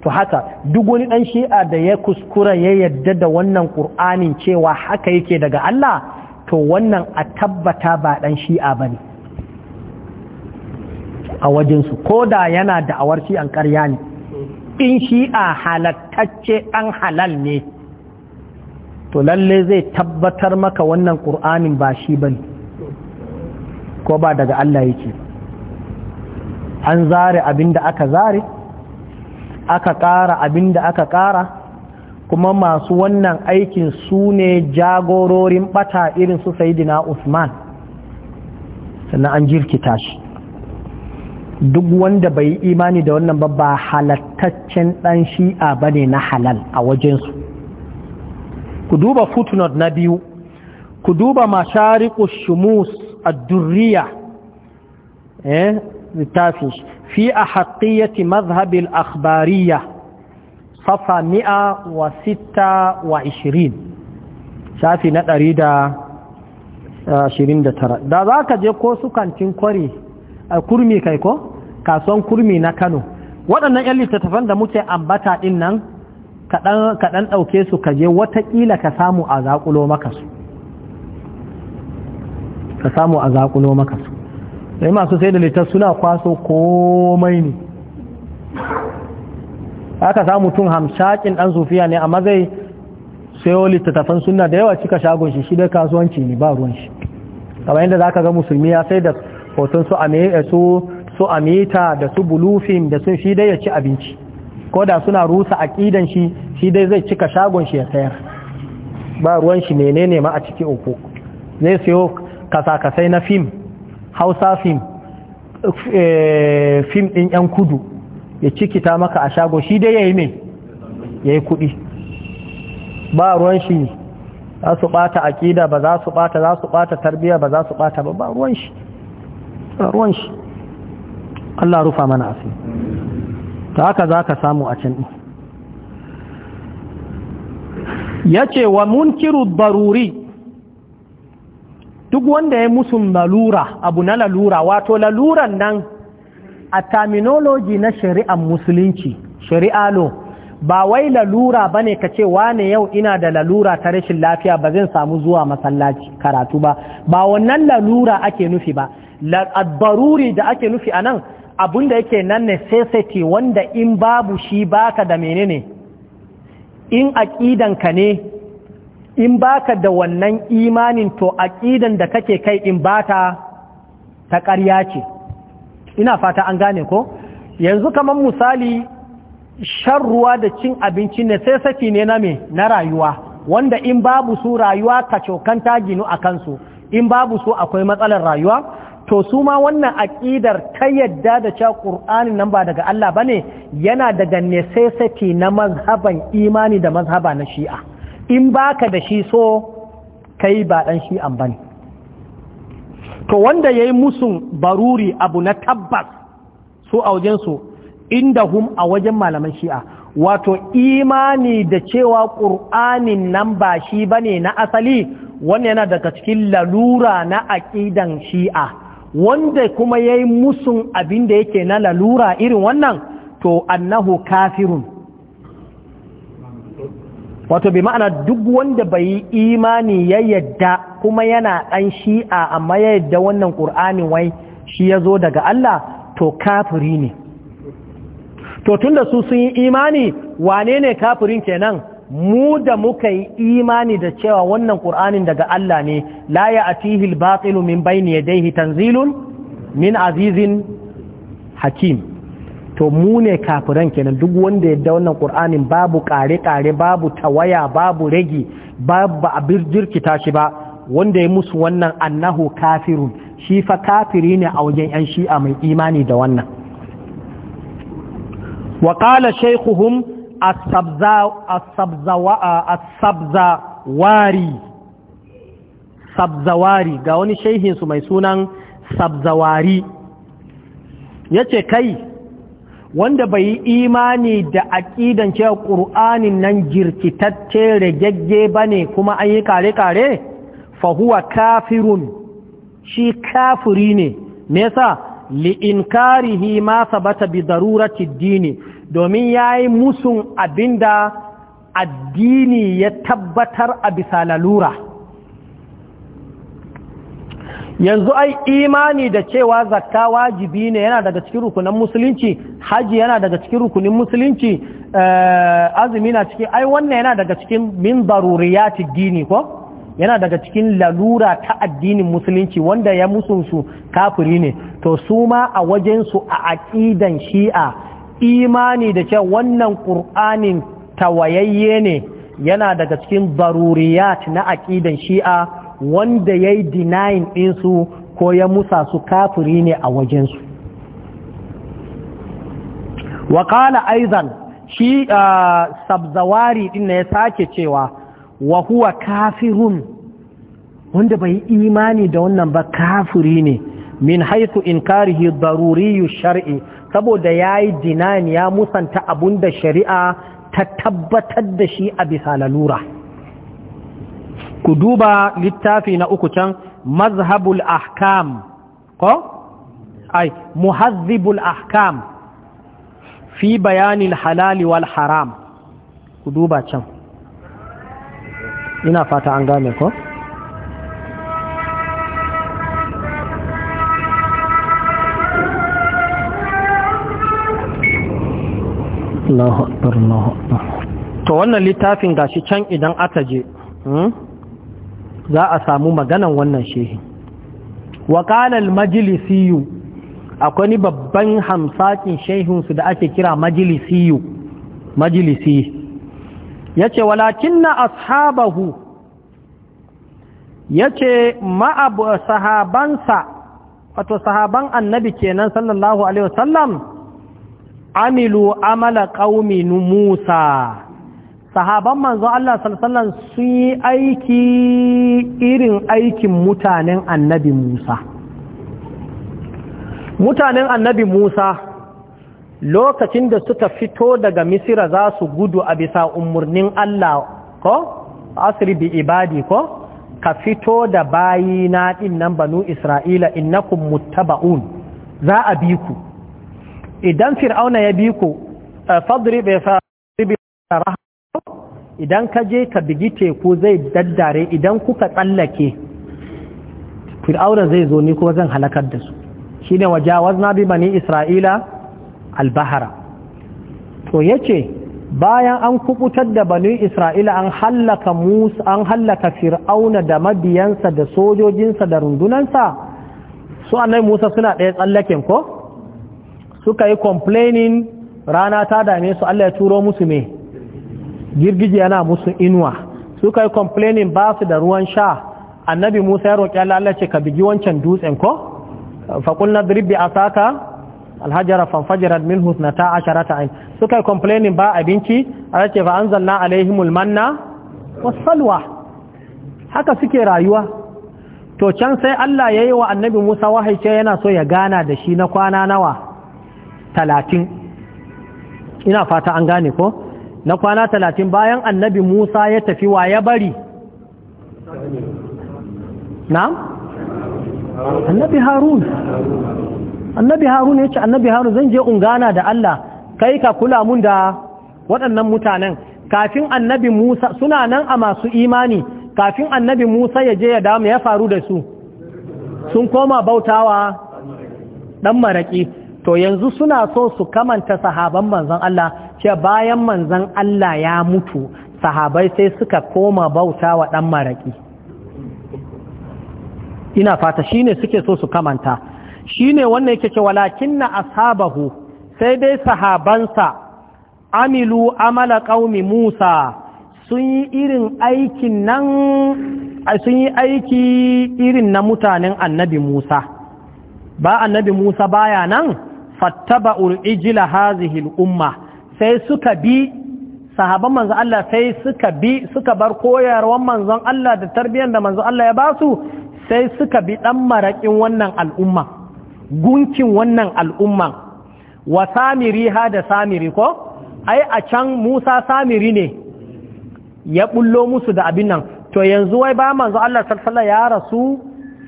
to haka duk wani ɗan shi'a da ya kuskura ya yadda da wannan ƙur'anin cewa haka yake daga Allah to wannan a tabbata ba ɗan shi'a ba ne a wajensu ko da yana da awar shi'an ƙarya ne in shi'a halattacce ɗan halal ne to lalle zai tabbatar maka wannan ƙur'anin ba shi ba ne ko ba daga Allah yake an zare abin da aka zare aka ƙara abin da aka ƙara kuma masu wannan aikin su ne jagororin ɓata irin su sayidina usman sannan an jirkita shi duk wanda bai yi imani da wannan babba halattaccen ɗan shi'a ba ne na halal a wajensu ku duba footnote na biyu ku duba mashariku shumus a durriya eh littafin fi a haƙiyyati mazhabil akbariya! Fafa mi'a wa sita wa ishirin shafi na ɗari da ashirin da tara da za ka je ko su kantin kwari a kurmi kai ko kasuwan kurmi na kano waɗannan 'yan littattafan da muke ambata ɗin nan kaɗan ɗauke su ka je watakila ka ka samu a zaƙulo maka su sai masu sai da littar suna kwaso komai ne aka samu mutum hamshakin dan sufiya ne amma zai sayo littattafan suna da yawa cika shagon shi shi da kasuwanci ne ba ruwan shi Kama yadda za ka ga musulmi ya sai da hoton su amita da su bulufin da sun shi dai ya ci abinci ko da suna rusa a kidan shi shi dai zai cika shagon shi ya sayar ba ruwan shi menene ma a ciki uku zai sayo kasa-kasai na fim hausa fim eh, fim ɗin 'yan kudu ya cikita maka a shago shi dai ya yi mai ya yi kuɗi ba ruwan shi za su ɓata aƙida ba za su ɓata za su ɓata tarbiyya ba za su ɓata ba ba ruwan shi ba ruwan shi Allah rufa mana asiri ta haka za ka samu a can ya ce wa munkiru baruri duk wanda ya musu lalura abu na lalura wato laluran nan a terminology na shari'ar musulunci shari'a ba wai lalura ba ne ka ce wane yau ina da lalura ta rashin lafiya ba zan samu zuwa masallaci karatu ba ba wannan lalura ake nufi ba baruri da ake nufi a nan abun da yake nan necessity wanda in babu shi baka da menene in aƙidanka ne in baka da wannan imanin to aqidan da kake kai in bata ta ƙarya ce ina fata an gane ko yanzu kamar misali shan ruwa da cin abinci ne sai saki ne na me na rayuwa wanda in babu su rayuwa ka ta ginu a kansu in babu su akwai matsalar rayuwa to su ma wannan aƙidar ta yadda da cewa ƙur'anin nan ba daga Allah ba ne yana daga necessity na mazhaban imani da mazhaba na shi'a in baka da shi so kai ba ɗan shi an bane to wanda ya yi musu baruri abu na tabbas su a wajen su hum a wajen malaman shi'a wato imani da cewa ƙur'anin nan ba shi ba ne na asali wani yana daga cikin lalura na aƙidan shi'a wanda kuma ya yi musun abin da yake na lalura irin wannan to annahu kafirun wato bi ma'ana duk wanda bai yi imani ya yadda kuma yana ɗan shi'a amma ya yadda wannan ƙur'anin wai shi ya zo daga Allah to kafiri ne to tunda su sun yi imani wane ne kafirin kenan mu da muka yi imani da cewa wannan ƙur'anin daga Allah ne la ya atihil batilu min bayni yadayhi tanzilun min azizin hakim to mu ne kafiran kenan duk wanda yadda wannan qur'anin babu kare-kare babu tawaya babu rage babu abin jirkita shi ba wanda ya musu wannan annahu kafirun shi fa kafiri ne a wajen yan shi'a mai imani da wannan wa qala shaykhuhum as-sabzawari sabzawari ga wani su mai sunan sabzawari yace kai wanda bai yi imani da aƙidan cewa ƙur'anin nan jirkitacce regegge ba ne kuma an yi kare-kare fahuwa kafirun shi kafiri ne nesa li'inkarihi ma sabata bi darurati dini domin ya yi musun abinda addini ya tabbatar a bisa lalura yanzu ai imani da cewa zakka wajibi ne yana daga cikin rukunin musulunci haji yana daga cikin rukunin musulunci eh, azumi na cikin ai wannan yana daga cikin min daruriyati dini ko yana daga cikin lalura ta addinin musulunci wanda ya musunsu kafiri ne to su ma a wajen su a aƙidan shi'a imani da cewa wannan ƙur'anin tawayayye ne yana daga cikin daruriyat na aƙidan shi'a wanda ya yi denying ɗinsu ko ya musa su kafiri ne a wajensu waƙala aizan shi ah, sabzawari ɗin ya sake cewa wa huwa kafirun wanda bai imani da wannan ba kafiri ne min in karihi daruriyu shar'i saboda ya yi dinani ya musanta abun da shari'a ta tabbatar da shi a bisa lalura ku duba littafi na uku can mazhabul ahkam ko ai muhazzibul ahkam fi bayanil halali wal haram ku duba can ina fata an game ko Allahu akbar Allahu akbar to wannan littafin gashi can idan aka je hmm? za a samu maganan wannan shehi wa majalisiyu majlisiyu akwai ni babban hamsakin shehunsu da ake kira majlisiyu ce walakin na ashabahu ce ma'abu sahabansa wato sahaban annabi kenan sallallahu alaihi wasallam amilu amala ƙaumi Musa sahaban manzo Allah sallallahu sun yi aiki irin aikin mutanen annabi Musa mutanen annabi Musa lokacin da suka fito daga Misira za su gudu a bisa umarnin Allah ko asiri bi ibadi ko ka fito da bayi na din nan banu Isra'ila innakum muttaba'un za a bi ku idan fir'auna ya bi ku eh, fadri fa idan ka je ka bigi teku zai daddare idan kuka tsallake fir'auna zai zo ni kuma zan halakar da su Shi ne shine wajawazna bi bani isra'ila albahara to yace bayan an kubutar da bani isra'ila an hallaka musa an hallaka fir'auna da mabiyansa da sojojinsa da rundunansa su annai musa suna ɗaya tsallaken ko suka yi complaining rana ta dame su allah ya turo musu me girgiji yana musu inuwa suka yi complaining ba su da ruwan sha annabi musa ya roƙi Allah ce ka bigi wancan dutsen ko faƙul na birbi a saka alhajara fanfajirar min husnata asharata ain suka yi complaining ba abinci a ce fa an zanna alaihimul manna wasalwa haka suke rayuwa to can sai Allah ya yi wa annabi musa wahaice yana so ya gana da shi na kwana nawa talatin ina fata an gane ko na kwana talatin bayan annabi Musa ya tafi wa ya bari na'am annabi harun annabi harun ya ce annabi harun zan je ungana da Allah kai ka kula mun da waɗannan mutanen kafin annabi Musa suna nan a masu imani kafin annabi Musa ya je ya damu ya faru da su sun koma bautawa ɗan maraƙi to yanzu suna so su kamanta sahaban manzan Allah ce bayan manzan Allah ya mutu sahabai sai suka koma bauta wa ɗan maraƙi ina fata shi ne suke so su kamanta Shi ne wannan yake walakin na ashabahu sai dai sahabansa amilu amala ƙaumi musa sun yi irin aikin nan sun yi aiki irin na mutanen annabi musa ba annabi musa baya nan Fattaba, ijila hazihi al'umma sai suka bi sahaban manzo Allah sai suka bi suka bar koyarwan manzon Allah da tarbiyyar da manzo Allah ya basu sai suka bi dan marakin wannan al'umma gunkin wannan al'umma wa samiri ha da samiri ko ai a can Musa samiri ne ya bullo musu da abin nan to yanzu wai ba manzo Allah sallallahu ya rasu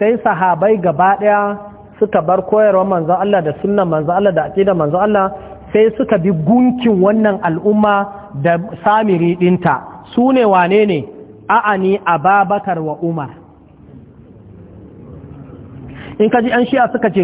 sai sahabai gaba daya suka bar koyarwar manzan Allah da sunnan manzan Allah da da manzan Allah sai suka bi gunkin wannan al'umma da samiri ɗinta su ne wane ne a'ani ababakar wa umar in kaji an shi'a suka ce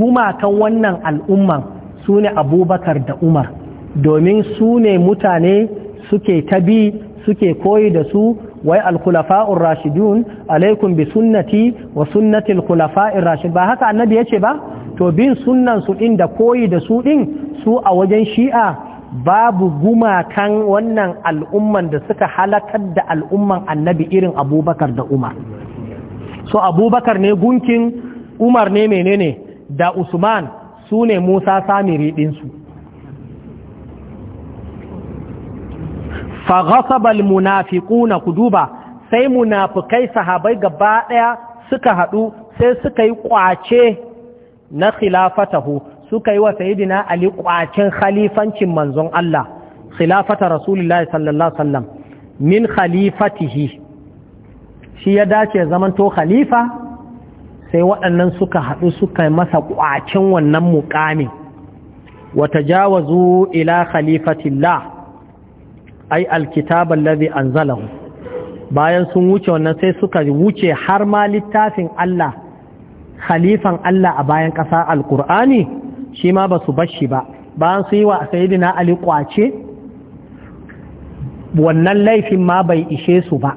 gumakan wannan al'umman su ne abubakar da umar domin su ne mutane suke tabi suke koyi da su wai alkulafa'un rashidun alaikum bi sunnati wa sunnatin kulafa'in khulafair rashid ba haka annabi yace ba to bin sunnan su ɗin da koyi da su ɗin, su a wajen shi'a babu gumakan wannan al'umman da suka halakar da al'umman annabi irin abubakar da umar so abubakar ne gunkin umar ne menene da usman su ne musa samiri ɗinsu fa ghasabal munafiquna kuduba sai munafikai sahabai gaba daya suka hadu sai suka yi kwace na khilafatahu suka yi wa sayidina ali kwacin khalifancin manzon Allah khilafata rasulullahi sallallahu alaihi wasallam min khalifatihi shi ya dace zaman to khalifa sai waɗannan suka haɗu suka masa kwacin wannan mukamin wa tajawazu ila khalifatillah ai alkitab allazi anzalahu bayan sun wuce wannan sai suka wuce har ma littafin Allah khalifan Allah a bayan ƙasa alkur'ani shi ma ba su bashi ba bayan su yi wa sayidina Ali kwace wannan laifin ma bai ishe su ba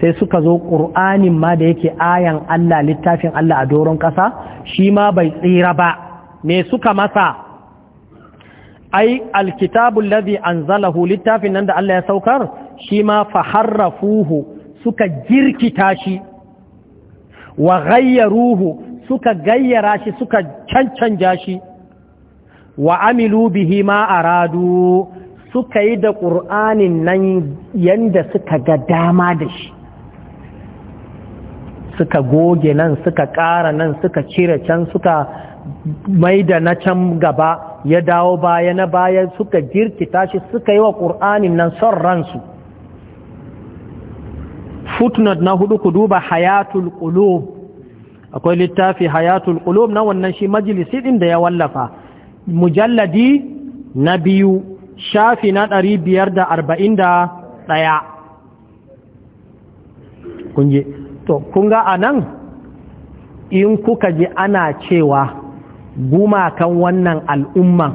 sai suka zo ƙur'anin ma da yake ayan Allah littafin Allah a doron ƙasa shi ma bai tsira ba me suka masa ai alkitabu ladhi anzalahu littafin nan da Allah ya saukar shi ma faharrafuhu suka jirkita shi wa ghayyaruhu suka gayyara shi suka cancanja shi wa amilu bihi ma aradu suka yi da ƙur'anin nan yanda suka ga dama da shi suka goge nan suka ƙara nan suka cire can suka maida na can gaba ya dawo baya na baya suka jirkita shi suka yi wa ƙur'anin nan son ransu footnote na hudu ku duba hayatul qulub akwai littafi hayatul qulub na wannan shi majalisi din da ya wallafa mujalladi na biyu shafi na ɗari biyar kunje to kunga a nan in kuka ji ana cewa gumakan wannan al'umman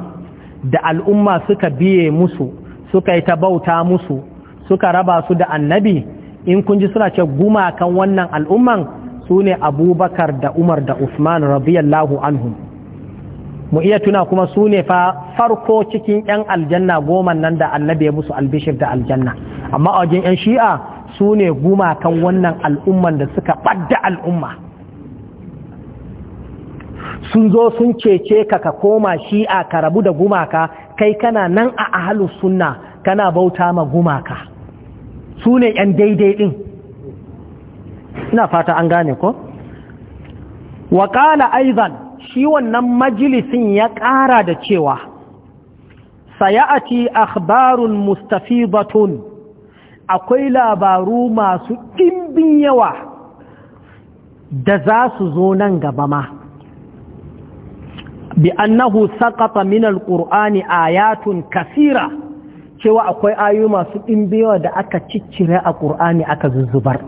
da al'umma suka biye musu suka yi ta bauta musu suka raba su da annabi in kunji suna ce gumakan wannan al'umman su ne abubakar da umar da usman radiyallahu anhu. mu iya tuna kuma su ne fa farko cikin 'yan aljanna goma nan da annabi ya musu albishir da aljanna amma a wajen 'yan shi'a su ne gumakan wannan al'umman da suka ɓadda al'umma sun zo sun cece ka ka koma shi'a ka rabu da gumaka kai kana nan a ahalu sunna kana bauta ma gumaka su ne yan daidai din ina fata an gane ko wa qala shi wannan majalisin ya ƙara da cewa sayati akhbarun mustafidatun akwai labaru masu ɗimbin yawa da za su zo nan gaba ma bi annahu saqata min alqur'ani ayatun kasira cewa akwai ayoyi masu ɗimbewa da aka ciccire a ƙur'ani aka zuzubar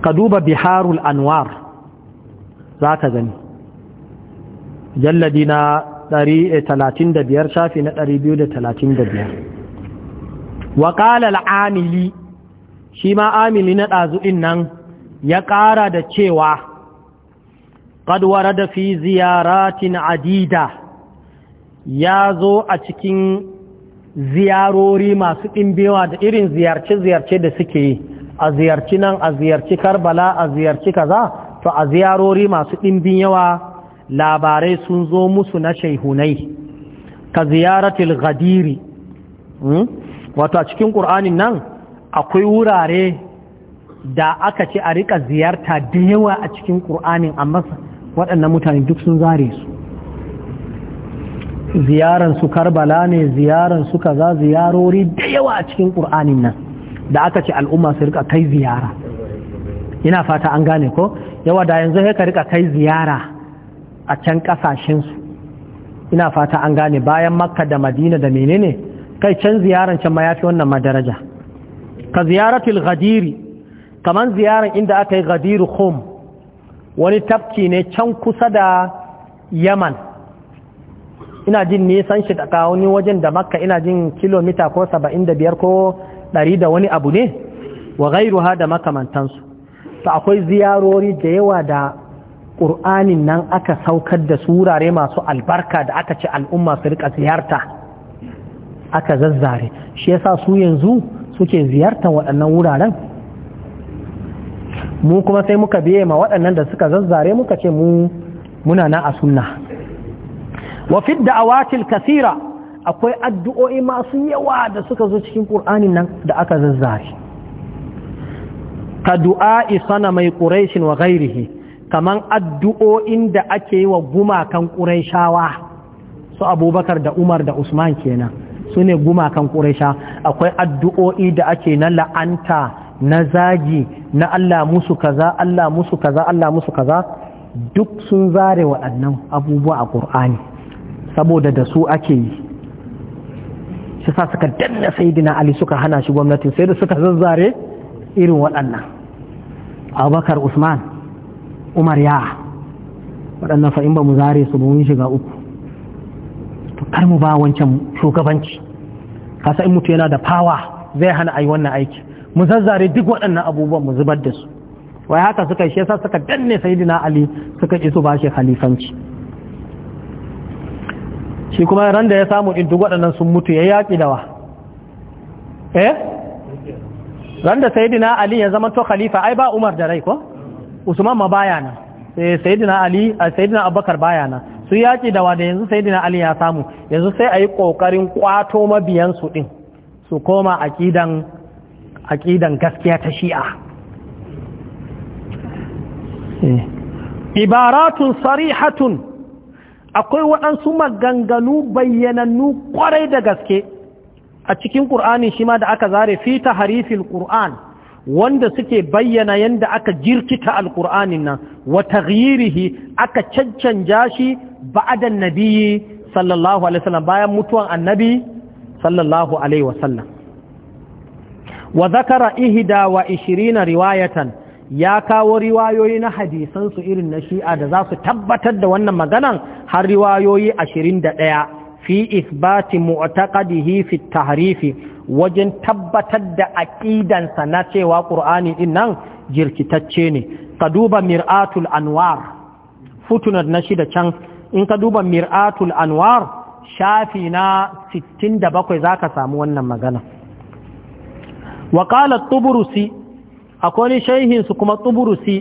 ka duba biharul anwar za ka gani jalladi na 135 shafi na 235 wa ƙalal amili shi ma amili na ɗazu'in nan ya ƙara da cewa قد ورد في زيارات عديدة يازو أتكين زياروري ما سئن بيواد إرين زيارتي زيارتي دسكي أزيارتي نان أزيارتي كربلا أزيارتي كذا فأزياروري ما سئن بيوا labarai sun zo musu na shaihunai ka ziyaratul ghadiri wato a cikin ƙur'anin da aka ce a rika ziyarta da yawa a cikin ƙur'anin amma waɗannan mutane duk sun zare su ziyaran su karbala ne ziyaran su kaza ziyarori da yawa a cikin ƙur'anin nan da aka ce al'umma su rika kai ziyara ina fata an gane ko yawa da yanzu ka rika kai ziyara a can ƙasashensu ina fata an gane bayan makka da madina da menene kai can ziyaran can ma ya fi wannan madaraja ka ziyaratul ghadiri kaman ziyaran inda aka yi ghadiru khum wani tafki ne can kusa da yaman ina jin nisan shi daga wani wajen da makka ina jin kilomita ko saba'in da biyar ko ɗari da wani abu ne wa ha da makamantansu to akwai ziyarori da yawa da ƙur'anin nan aka saukar da surare masu albarka da aka ci al'umma su rika ziyarta aka zazzare shi yasa su yanzu suke ziyarta waɗannan wuraren mu kuma sai muka biye ma waɗannan da suka zazzare muka ce mu muna na a sunna wa fi da'awatil kasira akwai addu'o'i masu yawa da suka zo cikin qur'anin nan da aka zazzare ka du'a'i sana mai quraishin wa ghairihi kaman addu'o'in da ake yi wa gumakan quraishawa su abubakar da umar da usman kenan sune gumakan quraisha akwai addu'o'i da ake na la'anta na zagi na Allah musu kaza Allah musu kaza Allah musu kaza duk sun zare waɗannan abubuwa a ƙur'ani saboda da su ake yi shi sa suka danna saidina ali suka hana shi gwamnatin sai da suka zazzare irin waɗannan abubakar usman umar ya waɗannan fa'in ba mu zare su mun shiga uku to kar mu ba wancan shugabanci kasa in mutu yana da fawa zai hana a yi wannan aiki mu zazzare duk waɗannan abubuwan mu zubar da su wai haka suka shi yasa suka danne sayyidina ali suka ki su bashi khalifanci shi kuma ran da ya samu din duk waɗannan sun mutu ya yaƙi dawa eh ran da sayyidina ali ya zama to khalifa ai ba umar da rai ko usman ma baya nan Eh sayyidina ali eh, sayyidina abubakar baya nan su yaƙi dawa da yanzu sayyidina ali ya samu yanzu sai a yi ƙoƙarin ƙwato mabiyansu ɗin su koma aƙidan aƙidan gaskiya ta shi'a eh. ibaratun sarihatun akwai waɗansu maganganu bayyanannu ƙwarai da gaske a cikin ƙur'ani shi ma da aka zare fita harifin ƙur'an wanda suke bayyana yadda aka jirkita alƙur'anin nan wata ghirihi aka cancanja shi ba'adan nabi, sallallahu alaihi wasallam bayan mutuwan annabi sallallahu alaihi wasallam wa zakara ihda wa ishirina riwayatan ya kawo riwayoyi na hadisansu irin na shi'a da za su tabbatar da wannan maganan har riwayoyi ashirin da ɗaya fi isbati mu'taqadihi fi tahrifi wajen tabbatar da sa na cewa ƙur'ani ɗin nan jirkitacce ne ka duba mir'atul anwar futunar na shida can in ka duba mir'atul anwar shafi na 67 za ka samu wannan magana wa qala tuburusi akwai shaihin su kuma tuburusi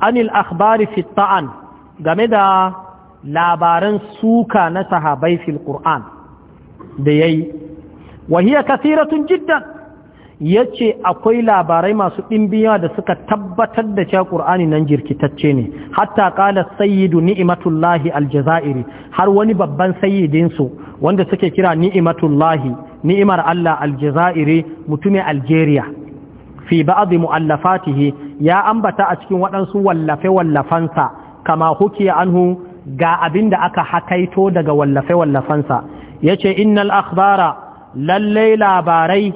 anil akhbari fi ta'an game da labaran suka na sahabai fil qur'an da yayi wa hiya kathiratun jiddan yace akwai labarai masu ɗimbiya da suka tabbatar da cewa ƙur'ani nan jirkitacce ne hatta qala sayyidu ni'imatullahi aljazairi har wani babban sayyidinsu wanda suke kira ni'imatullahi ni'imar Allah aljazairi mutumin Algeria fi ba'd mu'allafatihi ya ambata a cikin waɗansu wallafe-wallafansa kama huki anhu ga abinda aka hakaito daga wallafe-wallafansa ya ce innal akhbara lallai labarai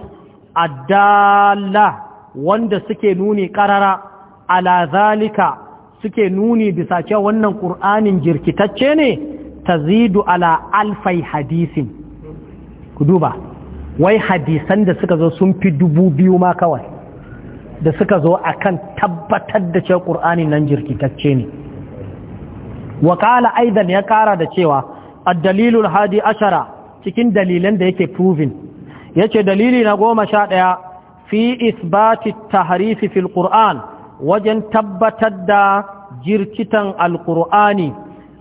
addala wanda suke nuni karara ala zalika suke nuni bisa cewa wannan ƙur'anin jirkitacce ne tazidu ala alfai hadisin ku duba wai hadisan da suka zo sun fi dubu biyu ma kawai da suka zo akan tabbatar da ce ƙur'ani nan jirkitacce ne Wakala aidan ya ƙara da cewa a dalilun hadi ashara cikin dalilan da yake proving ya ce dalili na goma sha ɗaya fi isbati taharifi fil ƙur'an wajen tabbatar da jirkitan alƙur'ani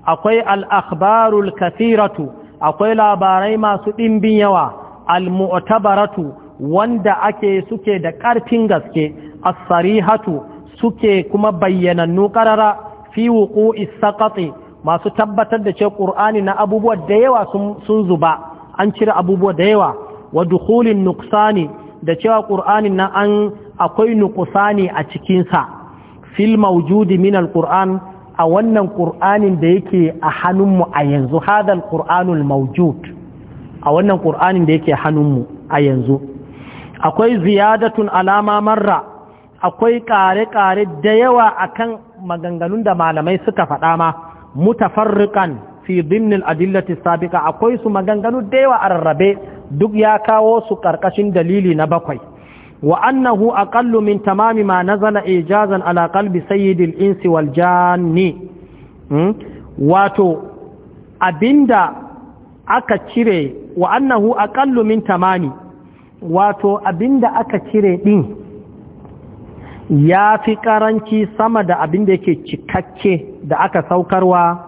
akwai al'akbarul kathiratu akwai labarai masu ɗimbin yawa almu'tabaratu wanda ake suke da ƙarfin gaske as-sarihatu suke kuma bayyanannu qarara fi wuqu'i saqati masu tabbatar da ce qur'ani na abubuwa da yawa sun zuba an cire abubuwa da yawa wa dukhulin nuqsani da cewa qur'ani na an akwai nuqsani a cikin sa fil mawjudi min al-qur'an a wannan qur'anin da yake a hannunmu a yanzu hadal qur'anul mawjud a wannan ƙur'anin da yake hannunmu a yanzu akwai ziyadatun alama marra akwai ƙare-ƙare da yawa akan maganganun da malamai suka faɗa ma mutafarriqan fi dhimnil adillati sabiƙa akwai su maganganu da yawa a rarrabe duk ya kawo su ƙarƙashin dalili na bakwai wa annahu aqallu min tamami ma nazala ijazan ala qalbi sayyidil insi wal janni hmm? wato abinda aka cire wa annahu aqallu min tamani wato abinda aka cire ɗin ya fi ƙaranci sama da abinda yake cikakke da aka saukarwa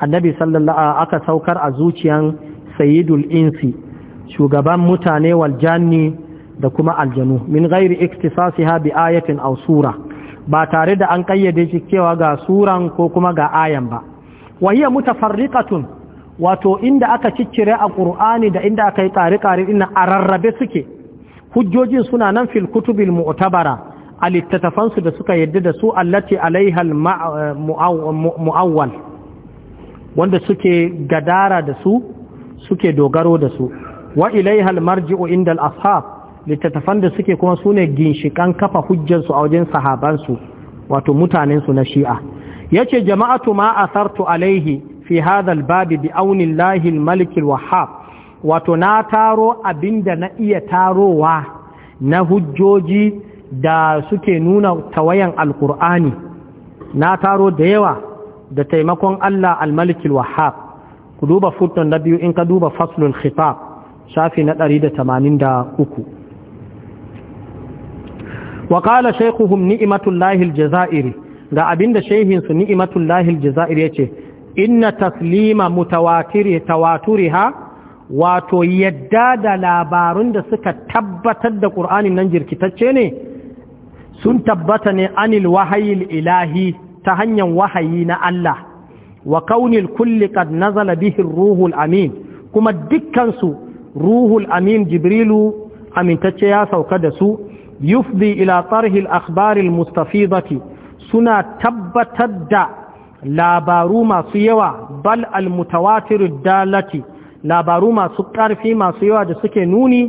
annabi sallallahu aka saukar a zuciyan sayyidul insi shugaban mutane wal da kuma aljanu min ghairi iktisasiha bi ayatin aw sura ba tare da an kayyade shi cewa ga suran ko kuma ga ayan ba wa hiya mutafarriqatun wato inda aka ciccire a ƙur'ani da inda aka yi ƙari-ƙari ina a rarrabe suke hujjojin suna nan fil kutubil mu'tabara a littattafansu da suka yadda da su allati alaihal mu'awwal wanda suke gadara da su suke dogaro da su wa ilaihal marji'u inda ashab littattafan da suke kuma su ne ginshikan kafa hujjansu a wajen sahabansu wato mutanensu na shi'a yace jama'atu ma asartu alaihi fi hadal babi bi aunin lahil malikil wahab wato na taro abinda na iya tarowa na hujjoji da suke nuna tawayan alkur'ani na taro da yawa da taimakon Allah almalikin wahab ku duba futun na biyu in ka duba faslun khitab shafi na 183 وقال شيخهم نعمة الله الجزائري ga abinda shehinsu ni'imatul lahil jaza'ir ce. inna taslima mutawatiri tawaturiha wato yadda da labarun da suka tabbatar da ƙur'anin nan jirkitacce ne sun tabbata ne anil wahayil ilahi ta hanyar wahayi na Allah wa kaunil kulli qad nazala bihi ruhul amin kuma dukkansu ruhul amin jibrilu amintacce ya sauka da su yufdi ila tarhil akhbaril mustafizati suna tabbatar da labaru masu yawa bal almutawatir dalati labaru masu ƙarfi masu yawa da suke nuni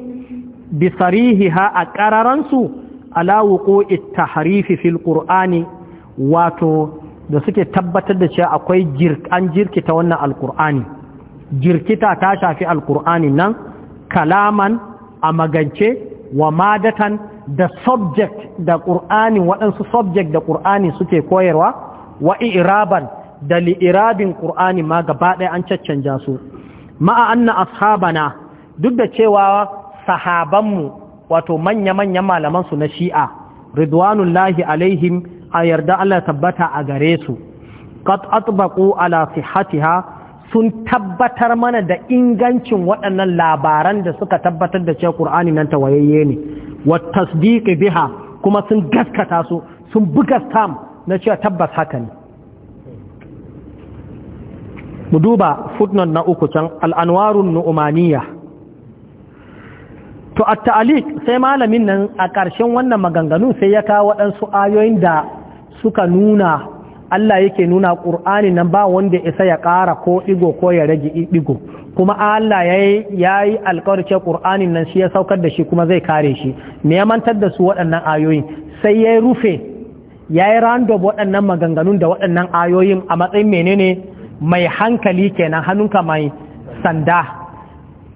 bisarihiha a ƙararansu ala wuqu'i tahrifi fil qur'ani wato da suke tabbatar da cewa akwai an jirkita wannan alkur'ani jirkita ta shafi alkur'ani nan kalaman a magance wa madatan da subject da ƙur'ani waɗansu subject da ƙur'ani suke koyarwa wa i'raban da li'irabin qur'ani ma gaba ɗaya an caccanja su ma'a anna ashabana duk da cewa sahabanmu wato manya-manyan malaman su na shi'a ridwanullahi alaihim a yarda Allah tabbata a gare su qad atbaqu ala sihhatiha sun tabbatar mana da ingancin waɗannan labaran da suka tabbatar da cewa Qur'ani nan tawayayye ne wa tasdiqi biha kuma sun gaskata su sun buga stam na cewa tabbas haka ne mu duba footnote na uku can al'anwarun nu'umaniya to a ta'alik sai malamin nan a ƙarshen wannan maganganun sai ya kawo waɗansu ayoyin da suka nuna Allah yake nuna ƙur'ani nan ba wanda isa ya ƙara ko ɗigo ko ya rage ɗigo kuma Allah ya yi alƙawarce ƙur'anin nan shi ya saukar da shi kuma zai kare shi me ya mantar da su waɗannan ayoyin sai ya rufe ya yi random waɗannan maganganun da waɗannan ayoyin a matsayin menene mai hankali kenan hannunka mai sanda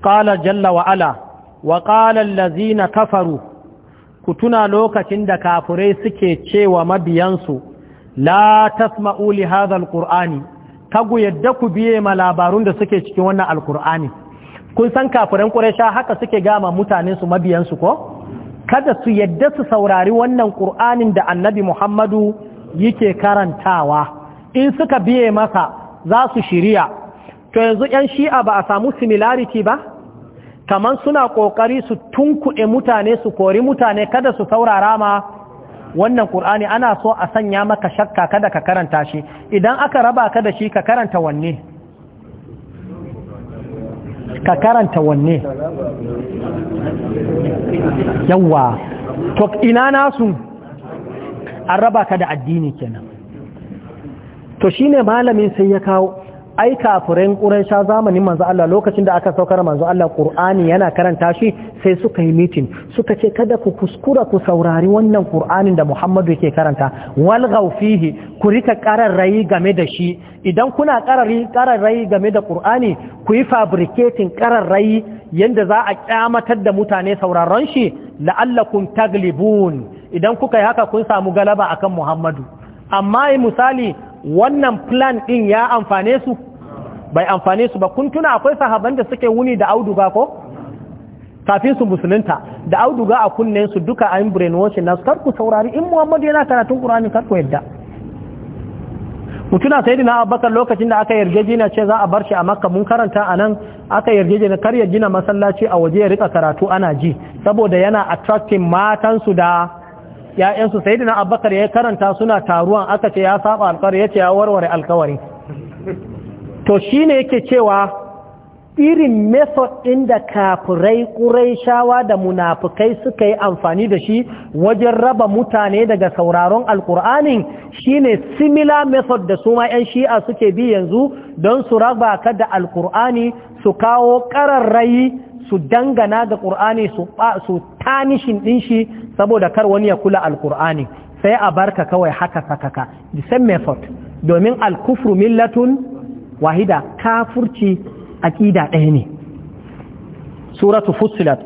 ƙala jalla wa'ala wa ƙalar lazina kafaru ku tuna lokacin da kafurai suke cewa mabiyansu la tasma'u li hadha qur'ani kagu yadda ku biye ma labarun da suke cikin wannan alkur'ani kun san kafuran ƙuraisha haka suke gama mutanensu mabiyansu ko kada su yadda su saurari wannan ƙur'anin da annabi Muhammadu yake karantawa in suka biye masa za su shirya to yanzu 'yan shi'a ba a samu similarity ba kamar suna ƙoƙari su tunkuɗe mutane su kori mutane kada su saurara ma wannan ƙur'ani ana so a sanya maka shakka kada ka karanta shi idan aka raba ka da shi ka karanta wanne ka karanta wanne yawa to ina nasu an raba ka da addini kenan to shine malamin sai ya kawo ai kafirin ƙuraisha zamanin manzo Allah lokacin da aka saukar manzo Allah Qur'ani yana karanta shi sai suka yi mitin suka ce kada ku kuskura ku saurari wannan Qur'anin da Muhammadu yake karanta wal ku rika kararrayi game da shi idan kuna kararrayi kararrayi game da Qur'ani ku yi fabricating kararrayi yanda za a kyamatar da mutane sauraron shi la'allakum taglibun idan kuka yi haka kun samu galaba akan Muhammadu amma misali wannan plan din ya amfane su bai amfani su ba kun tuna akwai sahaban da suke wuni da auduga ko kafin su musulunta da auduga a kunnen su duka a an brainwashing nasu kar ku saurari in muhammadu yana karatun qur'ani kar ku yadda mutuna sai dina abakar lokacin da aka yarjejina ce za a bar shi a makka mun karanta a nan aka yarjejina kar ya gina masallaci a waje ya rika karatu ana ji saboda yana attracting matansu da ya'yansu sai dina abubakar ya karanta suna taruwan aka ce ya saba alkawari ya ce ya warware alkawari to shine yake cewa irin method ɗin da kafirai ƙuraishawa da munafukai suka yi amfani da shi wajen raba mutane daga sauraron alkur'anin shine similar method da su ma 'yan shi'a suke bi yanzu don su raba ka da alkur'ani su kawo ƙararrayi su dangana ga ƙur'ani su tanishin ɗin shi saboda kar wani ya kula alkur'ani sai a barka kawai haka sakaka the same method domin alkufru millatun wahida kafurci aƙida ɗaya ne suratu fusilat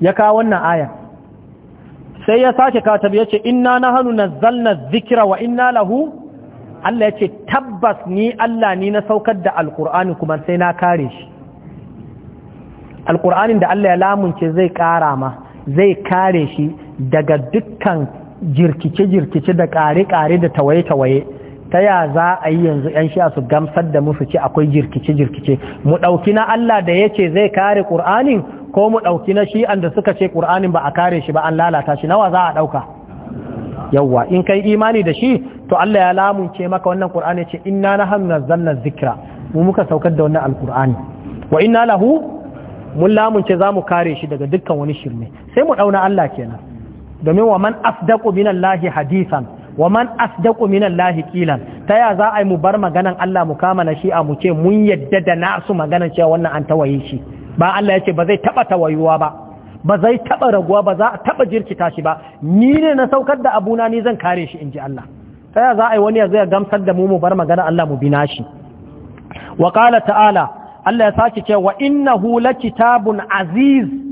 ya kawo wannan aya sai ya sake katab ya ce inna na hannu na zalna zikira wa inna lahu Allah ya ce tabbas ni Allah ni na saukar da alkur'ani kuma sai na kare shi alkur'anin da Allah ya lamunce zai kara ma zai kare shi daga dukkan jirkice-jirkice da kare-kare da tawaye-tawaye ta ya za a yi yanzu 'yan sha su gamsar da musu ci akwai jirkice-jirkice mu ɗauki na Allah da ya ce zai kare ƙur'anin ko mu ɗauki na shi'an da suka ce ƙur'anin ba a kare shi ba an lalata shi nawa za a ɗauka yawwa in kai imani da shi to Allah ya lamunce maka wannan ƙur'ani ce inna na hannun zanna zikira mu muka saukar da wannan alƙur'ani wa inna lahu mun lamunce za mu kare shi daga dukkan wani shirme sai mu ɗauna Allah kenan domin wa man asdaqu minallahi hadisan wa man asdaqu minallahi qilan ta ya za a yi mu bar maganan Allah mu kama na shi a mu ce mun yadda da nasu maganan cewa wannan an tawaye shi ba Allah ya ce ba zai taba tawayuwa ba ba zai taba raguwa ba za a taba jirkita shi ba ni ne na saukar da abuna ni zan kare shi inji Allah ta ya za a yi wani ya zai gamsar da mu mu bar maganan Allah mu bina shi wa qala ta'ala Allah ya sake cewa innahu lakitabun aziz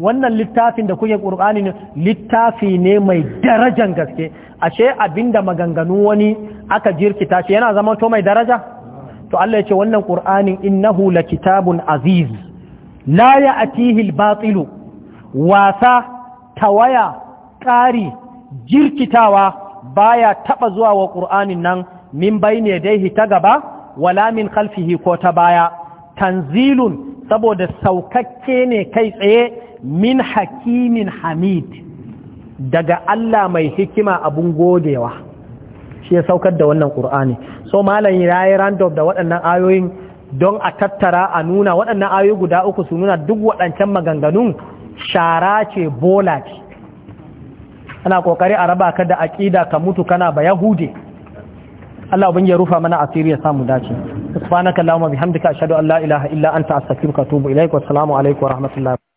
wannan littafin da kuke ƙur'ani ne littafi ne mai darajan gaske ashe abinda maganganu wani aka jirkita shi yana zama to mai daraja to Allah ya ce wannan ƙur'anin innahu la kitabun aziz la ya'tihi al batsilu. wasa tawaya ƙari jirkitawa baya taba zuwa wa ƙur'anin nan min bayne dai ta gaba wala min khalfihi ko ta baya tanzilun saboda saukakke ne kai tsaye min hakimin hamid daga Allah mai hikima abun godewa shi ya saukar da wannan ƙur'ani so malam ya yi randolph da waɗannan ayoyin don a tattara a nuna waɗannan ayoyi guda uku su nuna duk waɗancan maganganun shara ce bola ce ana ƙoƙari a raba ka da aƙida ka mutu kana ba yahude Allah ubin ya rufa mana asiri ya samu dace subhanaka allahumma bihamdika ashhadu an la ilaha illa anta astaghfiruka wa atubu ilaik wa assalamu alaikum wa rahmatullahi